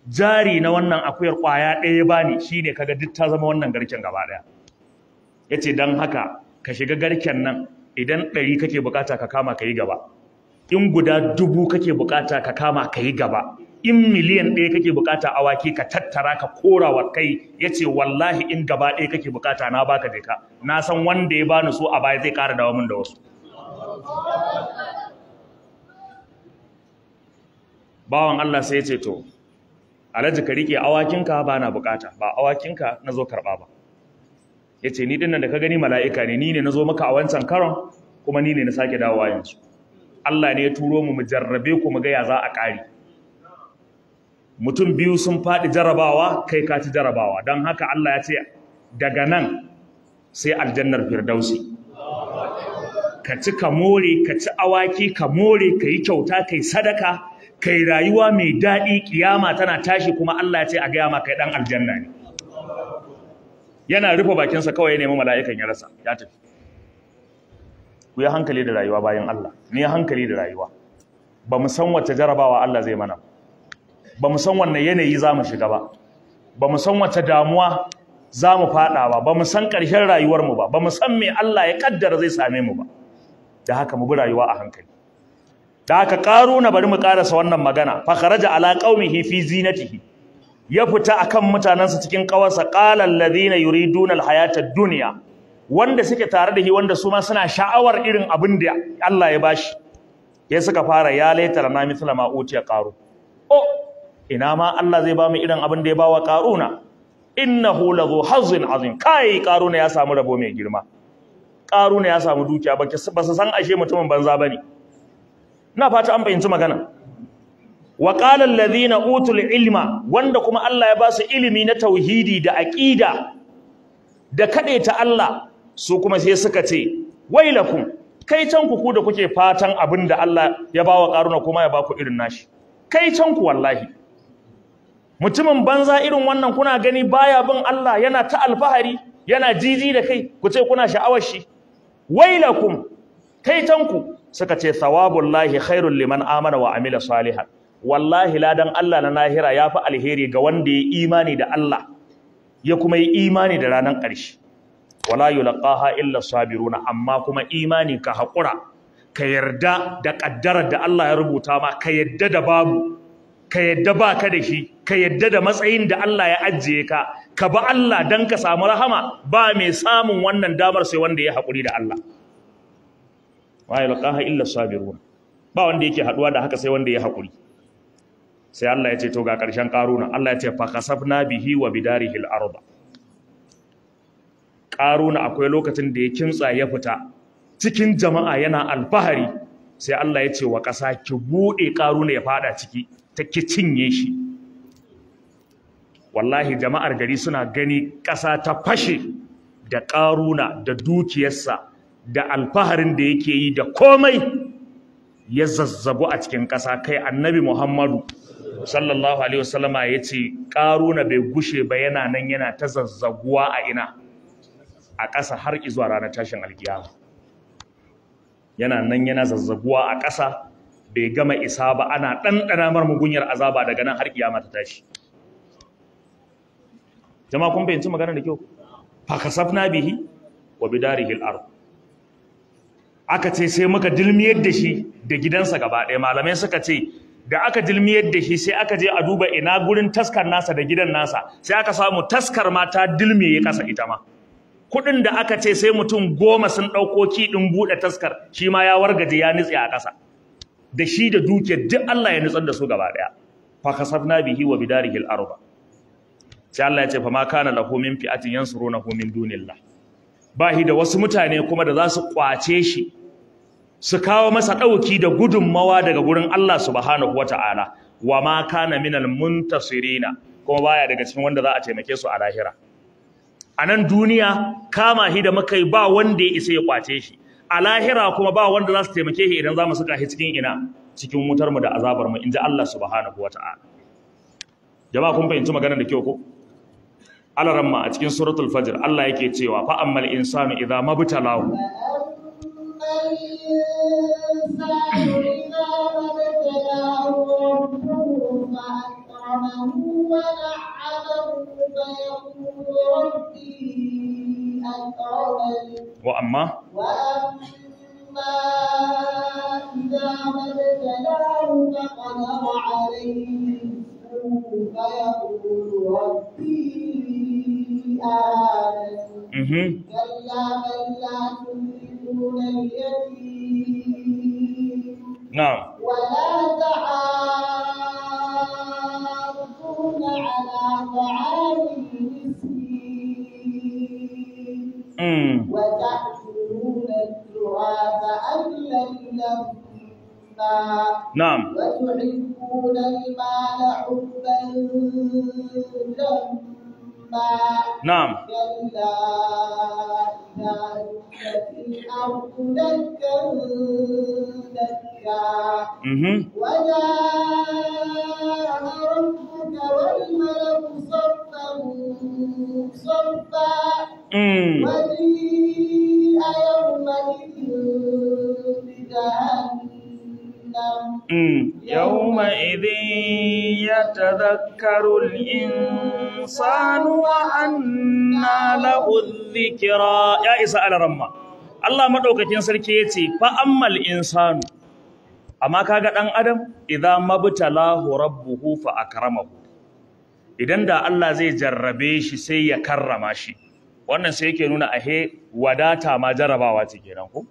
jari na wannan akuyar ƙwaya ɗaya bani shi ne kaga duk ta zama wannan garken gaba ɗaya ya ce don haka ka shiga garken nan idan ɗari kake bukata ka kama ka yi gaba in guda dubu kake bukata ka kama ka yi gaba in miliyan ɗaya kake bukata awaki ka tattara ka kora kai ya ce wallahi in gaba ɗaya kake bukata na baka je ka na san wanda ya bani so a baya zai ƙara dawo min da wasu bawan Allah sai ya ce to alhaji ka rike awakinka ba na bukata ba awakinka na zo karɓa ba ya ce ni nan da ka gani mala'ika ne ni ne na zo maka a wancan karon kuma ni ne na sake dawowa yanzu Allah ne ya turo mu mu jarrabe ku mu ga ya za a ƙari mutum biyu sun faɗi jarabawa kai ka ci jarabawa don haka Allah ya ce daga nan sai aljannar firdausi ka ci ka more ka ci awaki ka more ka yi kyauta ka yi sadaka ka yi rayuwa mai daɗi ƙiyama tana tashi kuma Allah ya ce a gaya maka ɗan aljanna ne yana rufe bakinsa kawai ya nemi mala'ikan ya rasa ya tafi ku yi hankali da rayuwa bayan Allah ni hankali da rayuwa ba mu san wacce jarabawa Allah zai mana ba ba mu san wanne yanayi za mu shiga ba ba mu san wata damuwa za mu faɗa ba ba mu san ƙarshen rayuwarmu ba ba mu san me Allah ya ƙaddara zai same mu ba da haka mu bi rayuwa a hankali da haka ƙaruna bari mu ƙarasa wannan magana fa kharaja ala qaumihi fi zinatihi ya fita akan mutanansa cikin ƙawarsa qala alladhina yuriduna alhayata ad-dunya wanda suke tare da shi wanda su ma suna sha'awar irin abin da Allah ya bashi ya suka fara ya laitar na mithla ma utiya qaru oh ina ma Allah zai ba mu irin abin da ya bawa qaruna innahu lazu hazin azim kai qaruna ya samu rabo mai girma qaruna ya samu dukiya ba su san ashe mutumin banza bane ina fata an fahimci magana wa qala alladhina utul ilma wanda kuma Allah ya ba su ilimi na tauhidi da aqida da ta Allah su kuma sai suka ce wailakum kai can ku ku da kuke fatan abin da Allah ya bawa qaruna kuma ya ba ku irin nashi kai can ku wallahi mutumin banza irin wannan kuna gani baya bin Allah yana ta alfahari yana jiji da kai ku ce kuna sha'awar shi wailakum kaitanku suka ce thawabullahi khairul liman amana wa amila salihan wallahi ladan Allah na lahira yafi alheri ga wanda ya imani da Allah ya kuma yi imani da ranar ƙarshe wala yulqaha illa sabiruna amma kuma imani ka haƙura ka yarda da ƙaddarar da Allah ya rubuta ma ka yarda da babu ka yadda ba ka da shi ka yadda da matsayin da Allah ya ajiye ka ka ba Allah don ka samu rahama ba mai samun wannan damar sai wanda ya haƙuri da Allah wa laƙaha illa sabirun ba wanda yake haɗuwa da haka sai wanda ya haƙuri sai Allah ya ce to ga ƙarshen ƙaruna, Allah ya ce fa kasafna bihi wa bidarihi al-arda Ƙaruna akwai lokacin da ya kintsa ya fita cikin jama'a yana alfahari sai Allah ya ce wa ƙasa ki buɗe ƙaruna ya faɗa ciki ta ki cinye shi wallahi jama'ar gari suna gani ƙasa ta fashe da ƙaruna da dukiyarsa da alfaharin da yake yi da komai ya zazzabu a cikin ƙasa kai annabi muhammadu sallallahu alaihi wasallama ya ce ƙaruna bai gushe ba yana nan yana ta zazzaguwa a ina a ƙasa har izuwa ranar tashin alkiyama yana nan yana zazzaguwa a ƙasa bai gama isa ba ana ɗanɗana mar mugunyar azaba daga nan har kiyama ta tashi jama'a kun fahimci magana da kyau fa kasafna bihi wa bidarihi al-ard aka ce sai muka dilmiyar da shi da gidansa gaba ɗaya malamai suka ce da aka dilmiyar da shi sai aka je a duba ina gurin taskar nasa da gidan nasa sai aka samu taskar ma ta dilmiye kasa ita ma kuɗin da aka ce sai mutum goma sun ɗauko kiɗin buɗe taskar shi ma ya wargaje ya nutse a ƙasa da shi da duke duk Allah ya nutsar da su gaba daya fa kasafna bihi wa bidarihil arba sai Allah ya ce fa ma kana lahu min fi'atin yansurunahu min dunillah bahi da wasu mutane kuma da za su kwace shi su kawo masa dauki da gudunmawa daga gurin Allah subhanahu wata'ala wa ma kana minal muntasirina kuma baya daga cikin wanda za a taimake su a lahira a nan duniya kama hi da makai ba wanda ya isa ya kwace shi a lahira kuma ba wanda za su taimake shi idan za mu suka shi cikin ina cikin wutar mu da azabar mu In ji Allah subhanahu wata'ala jama'a kun fahimci magana da kyau ko ramma a cikin suratul fajr Allah yake cewa fa ammal insanu idza mabtalahu كلا بل لا تكرمون اليتيم نعم ولا تحاضون على طعام المسكين وتأكلون التراث أكلا لما نعم وتحبون المال حبا جما نعم كلا إذا دكت الأرض دكا دكا وجاء ربك والملك صفا صفا وجيء يومئذ بجهنم يومئذ يتذكر الإنسان وأنى له الذكرى يا إساء رمى الله مدوكتين سركيتي فأما الإنسان أما كاقت أن أدم إذا مبتلاه ربه فأكرمه idan da Allah zai jarrabe shi sai ya karrama shi wannan sai yake nuna ahe wadata ma jarrabawa ce kenan ko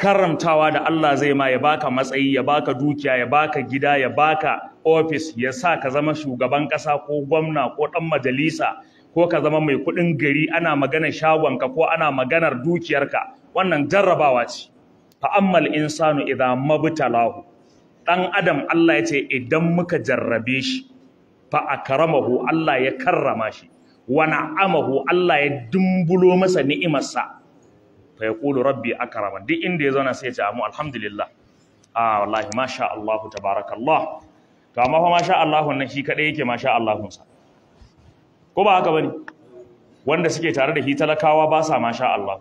karamtawa da Allah zai ma ya baka matsayi ya baka dukiya ya baka gida ya baka ofis ya sa ka zama shugaban kasa, ko gwamna ko ɗan majalisa ko ka zama mai kuɗin gari ana maganar shagonka ko ana maganar dukiyarka wannan jarrabawa ce fa ammal insanu idza mabtalahu dan adam Allah yace idan muka jarrabe shi fa akramahu Allah ya karrama shi wa na'amahu Allah ya dumbulo masa ni'imarsa fa ya yaqulu rabbi akarama. duk inda ya zauna sai ya ce amu alhamdulillah a ah, wallahi masha Allah tabarakallah to amma fa masha Allah nan shi kadai yake masha Allah sa ko ba haka bane wanda suke tare da hitalakawa talakawa ba sa masha Allah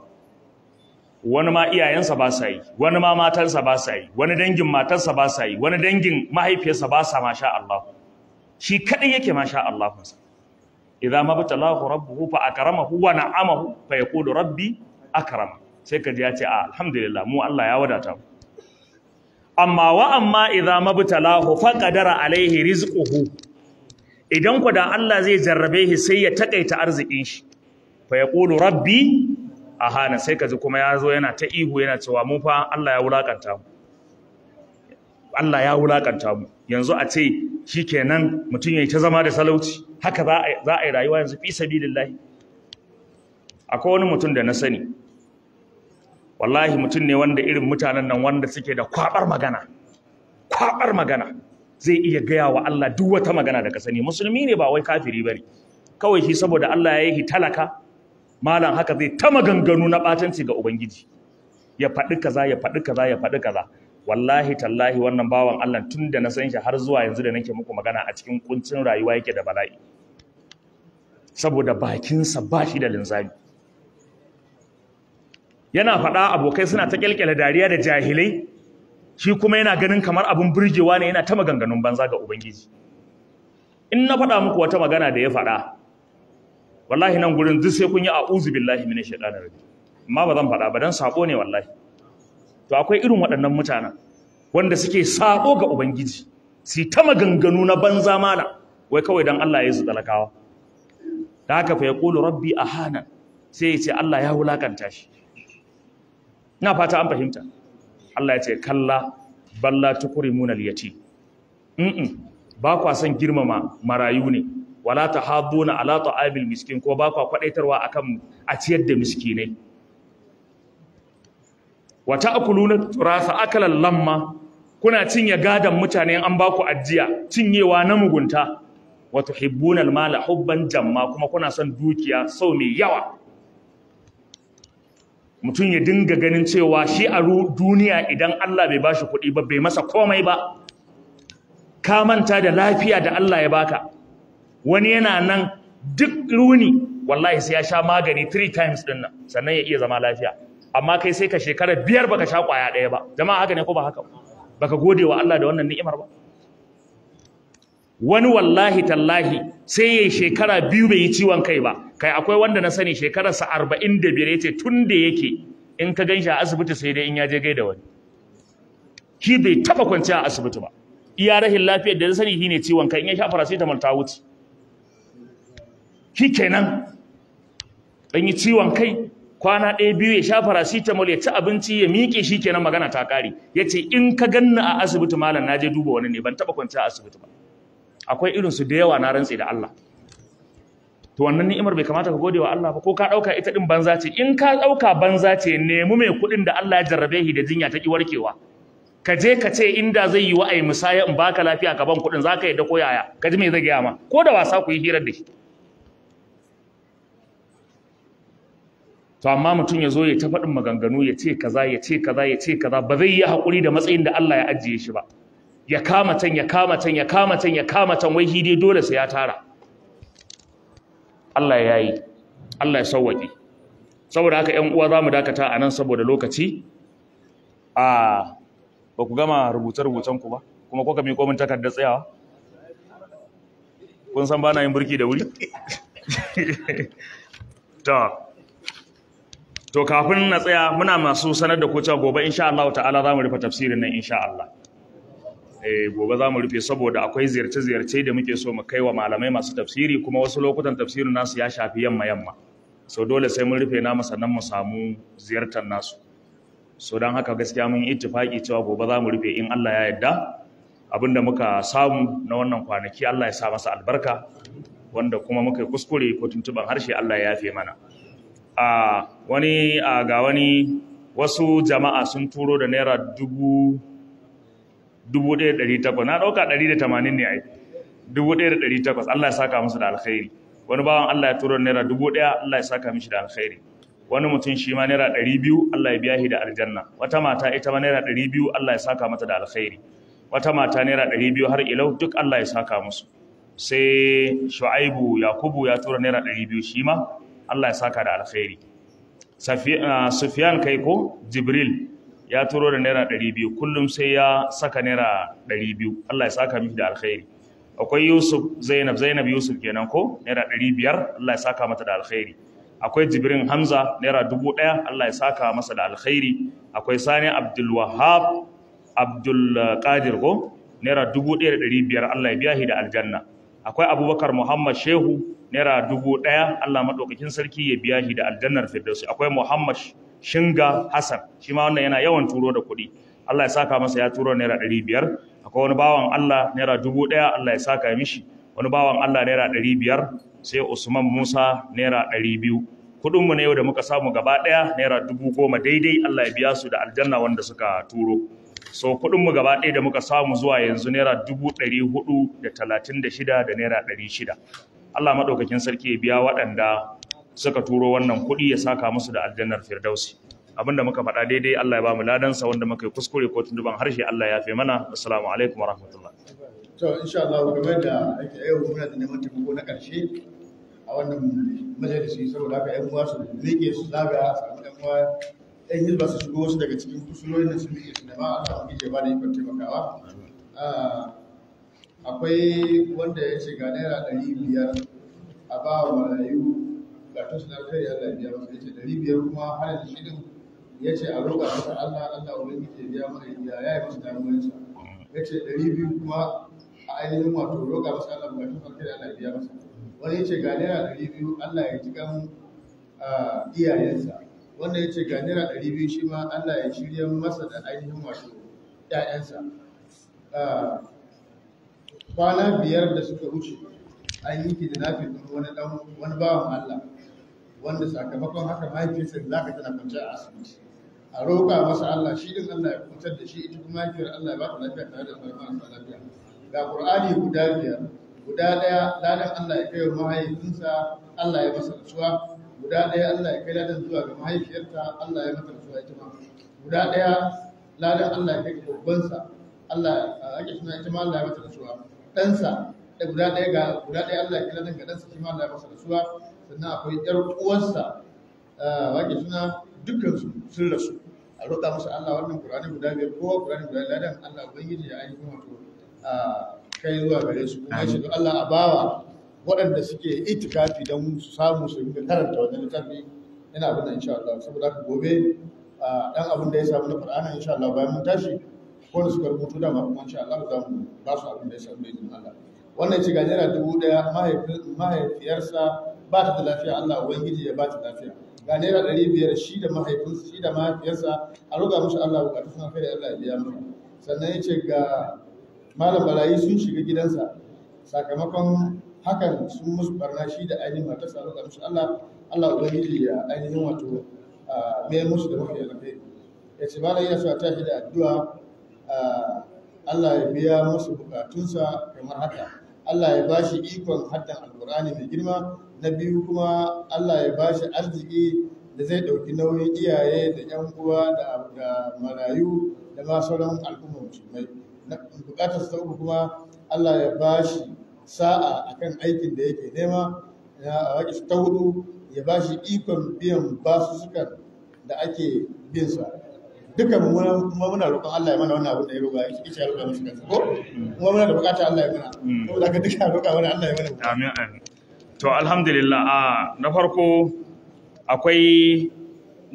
wani ma iyayensa ba sa yi wani ma matansa ba sa yi wani dangin matarsa ba sa yi wani dangin mahaifiyarsa ba sa masha Allah shi kadai yake masha Allah sa idza mabtalahu rabbuhu fa akramahu wa na'amahu fa yaqulu rabbi akrama sai ka ji ya ce alhamdulillah mu Allah ya wadata mu amma wa amma idza mabtalahu faqadara alaihi rizquhu idan ku da Allah zai jarrabe shi sai ya takaita arzikin shi fa ya yaqulu rabbi ahana sai kaji kuma ya zo yana ta ihu yana cewa mu fa Allah ya wulakanta mu Allah ya wulakanta mu yanzu a ce shikenan mutum yayi ta zama da salauci haka za a yi rayuwa yanzu fi sabilillah akwai wani mutum da na sani wallahi mutum ne wanda irin mutanen nan wanda suke da kwabar magana kwabar magana zai iya gaya wa Allah duk wata magana da ka sani musulmi ne ba wai kafiri bane kawai shi saboda Allah ya yi talaka malam haka zai ta maganganu na batanci ga ubangiji ya faɗi kaza ya faɗi kaza ya faɗi kaza wallahi tallahi wannan bawan Allah tun da na san shi har zuwa yanzu da nake muku magana a cikin kuncin rayuwa yake da bala'i saboda bakinsa ba shi da linzami yana faɗa abokai suna ta ƙyalƙyala dariya da jahilai shi kuma yana ganin kamar abin burgewa ne yana ta maganganun banza ga ubangiji in na faɗa muku wata magana da ya faɗa wallahi nan gurin duk sai kun yi a uzu billahi mini shaɗanar rajim amma ba zan faɗa ba don saɓo ne wallahi to akwai irin waɗannan mutanen wanda suke saɓo ga ubangiji su ta maganganu na banza mana wai kawai don Allah ya yi su talakawa da haka fa yaqulu rabbi hanan sai ya ce Allah ya wulakanta shi na fata an fahimta Allah ya ce kalla balla tukrimuna al-yatim mm ba kwa son girmama marayu ne wala tahaduna ala ta'abil miskin ko ba kwa kwadaitarwa akan a ciyar da miskinai wa ta'kuluna turasa akalan lamma kuna cinye gadan mutane an ba ku ajiya cinyewa na mugunta wa tuhibbuna al hubban jamma kuma kuna son dukiya sau mai yawa mutum ya dinga ganin cewa shi a duniya idan Allah bai bashi kuɗi ba bai masa komai ba ka manta da lafiya da Allah ya baka wani yana nan duk runi wallahi sai ya sha magani three times din nan sannan ya iya zama lafiya amma kai sai ka shekara biyar baka sha kwaya ɗaya ba jama'a haka ne ko ba haka baka gode wa Allah da wannan ni'imar ba wani wallahi tallahi sai yi shekara biyu bai yi ciwon kai ba kai akwai wanda na sani shekararsa arba'in da biyar yace tun da yake in ka gan a asibiti sai dai in ya je da wani Ki bai taba kwanciya a asibiti ba iya rahin lafiyar da na sani shine ciwon kai in ya sha paracetamol ta wuce Ki kenan dan yi ciwon kai kwana ɗaya biyu ya sha paracetamol ya ci abinci ya miƙe shi kenan magana ta ƙare ya ce in ka ganni a asibiti malam na je duba wani ne ban taɓa kwanciya a asibiti ba akwai irin su da yawa na rantsi da Allah to wannan ni'imar bai kamata ka gode wa Allah ba ko ka dauka ita din banza ce in ka dauka banza ce nemi mai kudin da Allah ya jarrabe shi da jinya ta ki warkewa ka je ka ce inda zai yi wa'ai musaya in baka lafiya ka ban kudin zaka yi da koyaya ka ji me zai ga ma ko da wasa ku yi hirar da shi to amma mutum ya zo ya ta faɗin maganganu ya ce kaza ya ce kaza ya ce kaza ba zai yi hakuri da matsayin da Allah ya ajiye shi ba ya kama can ya kama can ya kama can ya kama can wai hide dole sai ya tara Allah ya yi Allah ya sauwaƙe saboda haka ƴan uwa zamu dakata a nan saboda lokaci a ba ku gama rubuce rubutan ku ba kuma kuka miƙo min takardar tsayawa kun san bana yin burki da wuri *laughs* to to kafin na tsaya muna masu sanar da ku cewa gobe insha Allah ta'ala zamu rufe tafsirin nan insha Allah Eh, gobe za mu rufe saboda akwai ziyarce-ziyarce da muke so mu kai wa malamai masu tafsiri kuma wasu lokutan tafsirin nasu ya shafi yamma-yamma so dole sai mun rufe na sannan mu samu ziyartar nasu so don haka gaskiya mun ittifaki cewa gobe za mu rufe in Allah ya yadda, abin da muka samu na wannan kwanaki Allah ya sa masa albarka wanda kuma muka kuskure ko tuntuban harshe Allah ya yafe mana a wani a ga wani wasu jama'a sun turo da naira dubu 1800 na ɗauka 180 ne ai 1800 Allah ya saka musu da alkhairi wani bawan Allah ya turo naira 1000 Allah ya saka mishi da alkhairi wani mutum shi ma naira 200 Allah ya biya shi da aljanna wata mata ita ma naira 200 Allah ya saka mata da alkhairi wata mata naira 200 har ilau duk Allah ya saka musu sai Shu'aibu Yakubu ya tura naira 200 shi ma Allah ya saka da alkhairi Sufyan kai ko Jibril ya turo da naira ɗari biyu kullum sai ya saka naira ɗari biyu Allah ya saka miki da alkhairi akwai Yusuf Zainab Zainab Yusuf kenan ko naira ɗari biyar Allah ya saka mata da alkhairi akwai Jibrin Hamza naira dubu ɗaya Allah ya saka masa da alkhairi akwai Sani Abdul Wahab Abdul ko naira dubu ɗaya da ɗari biyar Allah ya biya shi da aljanna akwai Abubakar Muhammad Shehu naira dubu ɗaya Allah maɗaukakin sarki ya biya shi da aljannar Firdausi akwai Muhammad Shinga Hassan shi ma wannan yana yawan turo da kuɗi Allah ya saka masa ya turo naira ɗari biyar akwai wani bawan Allah naira dubu ɗaya Allah ya saka mishi wani bawan Allah naira ɗari biyar sai Usman Musa naira ɗari biyu Kuɗin mu na yau da muka samu gaba ɗaya naira dubu goma daidai Allah ya biya su da aljanna wanda suka turo so mu gaba ɗaya da muka samu zuwa yanzu naira dubu ɗari hudu da talatin da shida da naira ɗari shida Allah maɗaukakin sarki ya biya waɗanda suka turo wannan kuɗi ya saka musu da aljannar firdausi abinda muka faɗa daidai Allah ya ba mu ladansa wanda muka yi kuskure ko tunduban harshe Allah ya fi mana assalamu alaikum wa rahmatullah to insha Allah game da ake ayyuka muna da neman taimako na ƙarshe a wannan majalisi saboda haka ƴan uwa su rike su zagaya su samu ƴan uwa ƴan hizba su shigo wasu daga cikin kusurori da su rike su da ba a samu gije ba da ikon taimakawa ah, akwai wanda ya shiga naira ɗari biyar a ba wa marayu bukatun su na alkhairi Allah ya biya ba yace dari biyar kuma har yanzu shi din yace a roƙa masa Allah Allah wani ya biya mana ya yayi masa damuwarsa ce dari biyu kuma a ainihin wato roƙa masa Allah bukatun alkhairi Allah ya biya masa wani ya ce ga naira dari biyu Allah ya ji kan iyayensa ya ce ga naira dari biyu shi ma Allah ya shirya masa da ainihin wato ƴaƴansa kwana biyar da suka wuce an yi kidnapping wani dan wani bawan Allah wanda sakamakon haka mahaifiyarsa za ka tana kwanciya a asibiti a roƙa masa Allah shi din Allah ya kwantar da shi ita kuma mahaifiyar Allah ya ba ta lafiya tare da mai marasa lafiya ga Qur'ani guda biyar guda ɗaya ladan Allah ya kai wa mahaifinsa Allah ya masa rasuwa guda ɗaya Allah ya kai ladan zuwa ga mahaifiyarta Allah ya masa rasuwa ita ma guda ɗaya ladan Allah ya kai ga babbansa Allah ake suna ita ma Allah ya masa rasuwa ɗansa da guda ɗaya ga guda ɗaya Allah ya kai ladan ga ɗansa shi ma Allah ya masa rasuwa sannan akwai yar uwansa ah, wake suna dukkan su sun rasu a roƙa masu Allah wannan ƙuranin guda biyar kowa ƙuranin guda biyar. ladan Allah ubangiji ya ainihin wato ah, kai zuwa gare su kuma shi Allah a bawa waɗanda suke itikafi don su samu su yi karanta wannan littafi yana abin da insha Allah saboda haka gobe dan ah, abin da ya samu na Qur'ani insha Allah bayan mun tashi ko da suka rubutu da ma kuma insha Allah za mu ba su abin da ya samu da izinin Allah wannan ce ga naira dubu daya mahaifiyarsa ba ta da lafiya Allah ubangiji ya ba ta lafiya ga naira ɗari biyar shi da mahaifinsa shi da mahaifiyarsa a roƙa mashi Allah bukatu suna kai da Allah ya biya masa sannan ya ce ga malam Barayi sun shiga gidansa sakamakon hakan sun musu barna shi da ainihin matarsa a roƙa mashi Allah Allah ubangiji ya ainihin wato mai musu da mafi alkhairi ya ce malam yana so a tashi da addu'a Allah ya biya musu bukatunsa kamar haka Allah ya bashi ikon haddan alkur'ani mai girma na biyu kuma Allah ya bashi arziki da zai ɗauki nauyin iyaye da yan uwa da marayu da ma sauran al'umma musulmai bukatar sa uku kuma Allah ya bashi sa'a akan aikin da yake nema a waƙi ta hudu ya bashi ikon biyan basussukan da ake bin sa duka mu kuma muna roƙon Allah ya mana wannan abin da ya roƙa yake ya roƙa mishi kansa ko mm. kuma muna da buƙatar Allah ya mana mm. saboda ka duka roƙa mana Allah ya mana amin amin to alhamdulillah a na farko akwai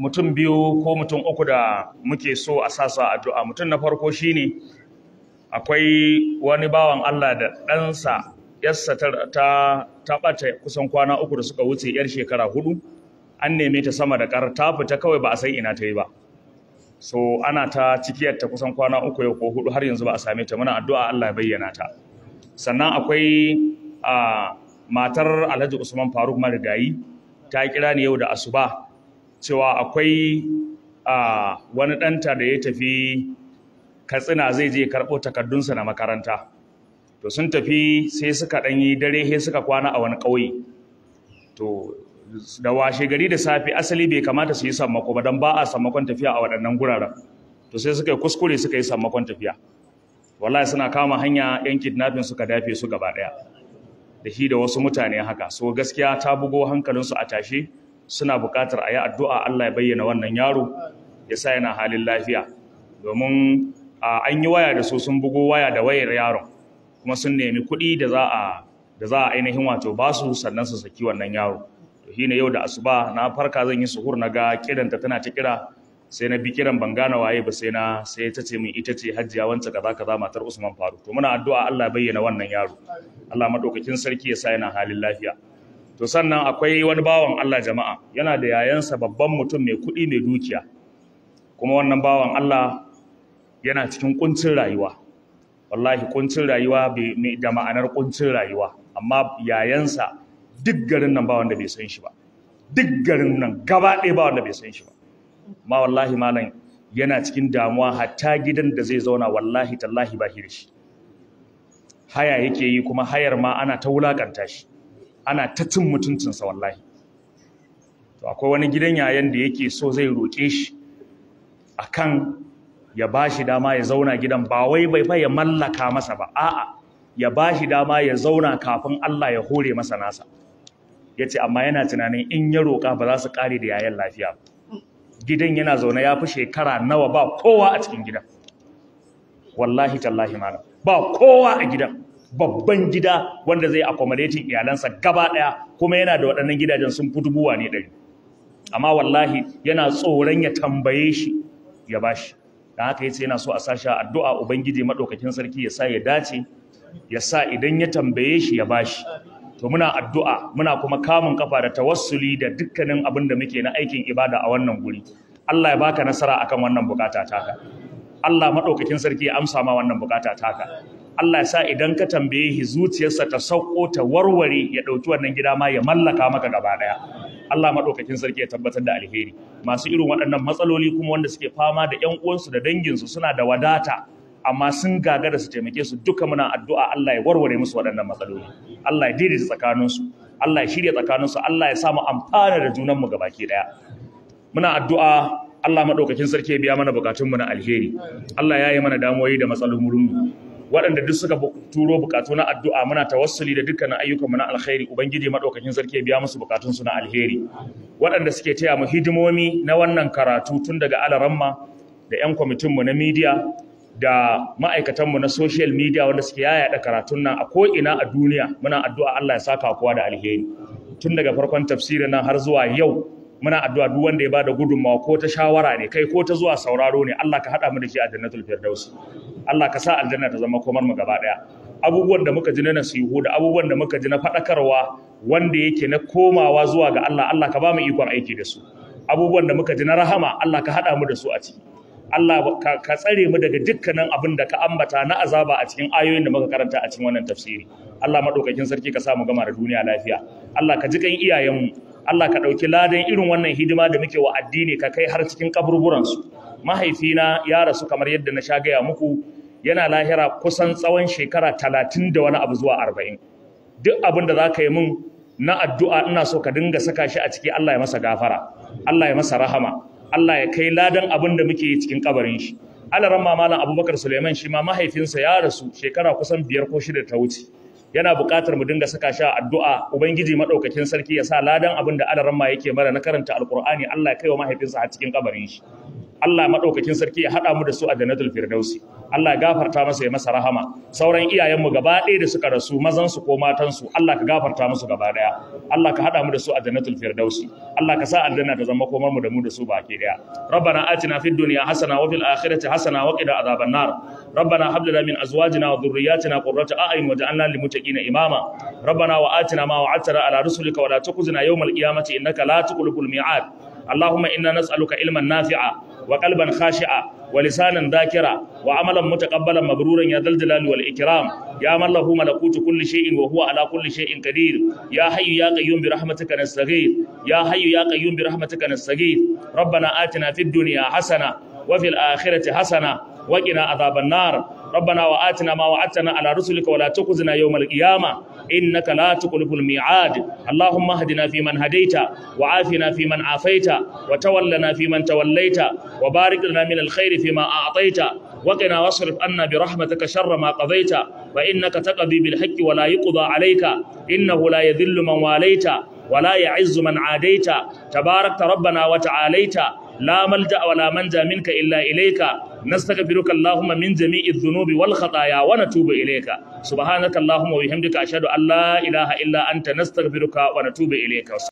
mutum biyu ko mutum uku da muke so a sasa addu'a mutum na farko shine akwai wani bawan Allah da ɗansa yarsa ta ta ɓata kusan kwana uku da suka wuce yar shekara hudu an neme ta sama da ƙar ta fita kawai ba a san ina ta yi ba so ana ta cikiyar ta kusan kwana uku yau ko hudu har yanzu ba a same ta muna addu'a Allah ya bayyana ta sannan akwai a matar Alhaji Usman Faruk Marigayi ta kira ni yau da asuba cewa akwai a wani ɗanta da ya tafi Katsina zai je karɓo takardunsa na makaranta to sun tafi sai suka ɗan yi dare sai suka kwana a wani ƙauye to da washe gari da safe asali bai kamata su yi sammako ba don ba a sammakon tafiya a waɗannan guraren to sai suka yi kuskure suka yi sammakon tafiya wallahi suna kama hanya yan kidnapping suka dafe su gaba ɗaya da shi da wasu mutane haka so gaskiya ta bugo hankalinsu a tashe suna buƙatar a yi addu'a Allah ya bayyana wannan yaro ya sa yana halin lafiya domin an yi waya da su sun bugo waya da wayar yaron kuma sun nemi kuɗi da za a ainihin wato basu sannan su saki wannan yaro shi ne yau da asuba na farka zan yi suhur na ga kiranta tana ta kira sai na bi kiran ban gane waye ba sai na sai ta ce min ita ce hajjiya wancan kaza kaza matar Usman Faru. to muna addu'a Allah bayyana wannan yaro Allah madaukakin sarki ya sa yana halin lafiya to sannan akwai wani bawan Allah jama'a yana da yayansa babban mutum mai kuɗi mai dukiya kuma wannan bawan Allah yana cikin kuncin rayuwa wallahi kuncin rayuwa da ma'anar kuncin rayuwa amma yayansa duk garin nan ba wanda bai san shi ba duk garin nan gaba ɗaya ba wanda bai san shi ba ma wallahi malam yana cikin damuwa hatta gidan da zai zauna wallahi tallahi ba da shi haya yake yi kuma hayar ma ana ta wulakanta shi ana ta cin mutuncinsa wallahi to akwai wani gidan yayan da yake so zai roƙe shi akan ya ba shi dama ya zauna gidan ba wai bai fa ya mallaka masa ba a'a ya ba shi dama ya zauna kafin Allah ya hore masa nasa ya ce amma yana tunanin in ya roƙa ba za su ƙare da yayan lafiya gidan yana zaune ya fi shekara nawa ba kowa a cikin gidan wallahi tallahi mana ba kowa a gidan babban gida wanda zai accommodating iyalansa gaba ɗaya kuma yana da waɗannan gidajen sun fi dubuwa ne ɗari amma wallahi yana tsoron ya tambaye shi ya bashi don haka yace yana so a sashi addu'a ubangiji madaukakin sarki ya sa ya dace ya sa idan ya tambaye shi ya bashi to muna addu'a muna kuma kamun kafa da tawassuli da dukkanin abin da muke na aikin ibada a wannan guri Allah ya baka nasara akan wannan bukata taka Allah madaukakin sarki ya amsa ma wannan bukata taka Allah ya sa idan ka tambaye shi zuciyarsa ta sauko ta warware ya ɗauki wannan gida ma ya mallaka maka gaba daya Allah madaukakin sarki ya tabbatar da alheri masu irin waɗannan matsaloli kuma wanda suke fama da ƴan uwansu da danginsu suna da wadata amma sun da su taimake su duka muna addu'a Allah ya warware musu waɗannan matsaloli Allah ya daidaita tsakaninsu Allah ya shirya tsakaninsu Allah ya samu amfana da junanmu gabaki ɗaya muna addu'a Allah maɗaukakin sarki ya biya mana bukatunmu na alheri Allah ya yi mana damuwoyi da matsalolinmu waɗanda duk suka turo bukatu na addu'a muna tawassuli da dukkanin ayyukanmu na alheri ubangiji maɗaukakin sarki ya biya musu bukatunsu na alheri waɗanda suke taya mu hidimomi na wannan karatu tun daga alaramma da 'yan kwamitinmu na midiya da ma'aikatanmu na social media wanda suke yaɗa karatun nan a ko'ina a duniya muna addu'a Allah ya saka kowa da alheri tun daga farkon tafsirin nan har zuwa yau muna addu'a duk wanda ya bada gudunmawa ko ta shawara ne kai ko ta zuwa sauraro ne Allah ka haɗa mu da shi a jannatul firdaus Allah ka sa aljanna ta zama komar mu gaba ɗaya abubuwan da muka ji na nasihu da abubuwan da muka ji na fadakarwa wanda yake na komawa zuwa ga Allah Allah ka ba mu ikon aiki da su abubuwan da muka ji na rahama Allah ka haɗa mu da su a ciki Allah ka tsare mu daga dukkanin abin da ka ambata na azaba a cikin ayoyin da muka karanta a cikin wannan tafsiri Allah madaukakin sarki ka sa mu gama da duniya lafiya Allah ka ji kan iyayen mu Allah ka ɗauki ladan irin wannan hidima da muke wa addini ka kai har cikin kaburburan su mahaifina ya rasu kamar yadda na sha gaya muku yana lahira kusan tsawon shekara talatin da wani abu zuwa arba'in duk abin da za ka yi min na addu'a ina so ka dinga saka shi a ciki Allah ya masa gafara Allah ya masa rahama Allah ya kai ladan abin da muke yi cikin kabarin shi alaran mamalan malam abubakar suleiman shi ma mahaifinsa ya rasu shekara kusan biyar ko shida ta wuce yana buƙatar mu dinga saka shi a addu'a ubangiji madaukakin sarki ya sa ladan abin da alaran ma yake mara na karanta Alkur'ani Allah ya kai wa mahaifinsa a cikin kabarin shi Allah madaukakin sarki ya hada mu da su a jannatul firdausi Allah ya gafarta masa ya masa rahama sauran iyayenmu gaba ɗaya da suka rasu mazan su ko matan su Allah ka gafarta musu gaba ɗaya Allah ka hada mu da su a jannatul firdausi Allah ka sa aljanna ta zama komar mu da mu da su baki ɗaya rabbana atina fid dunya hasana wa fil akhirati hasana wa qina adhaban nar rabbana hab lana min azwajina wa dhurriyyatina qurrata a'yun waj'alna lil muttaqina imama rabbana wa atina ma wa'adtana ala rusulika wa la tukhzina yawmal qiyamati innaka la tukhliqul mi'ad اللهم إنا علما نافعا wa qalban khashi'a wa lisanin dhakira wa amalan mutaqabbalan mabruran ya dal jalali ikram ya man lahu malakutu kulli shay'in wa huwa ala kulli shay'in kadir. ya hayyu ya qayyum bi rahmatika nastaghith ya hayyu ya qayyum bi rahmatika nastaghith rabbana atina fid dunya hasana wa fil akhirati hasana wa qina adhaban nar ربنا وآتنا ala وعدتنا wala رسلك ولا تخزنا يوم القيامة إنك لا تخلف الميعاد اللهم اهدنا فيمن هديت وعافنا فيمن عافيت وتولنا فيمن توليت وبارك لنا من الخير فيما أعطيت وقنا واصرف عنا برحمتك شر ما قضيت فإنك تقضي بالحق ولا يقضى عليك إنه لا يذل من واليت ولا يعز من عاديت تباركت ربنا وتعاليت la malja wa la manja minka illa ilayka nastaghfiruka allahumma min jami'i dhunubi wal khataaya wa natubu ilayka subhanaka allahumma wa bihamdika ashhadu an la ilaha illa anta nastaghfiruka wa natubu ilayka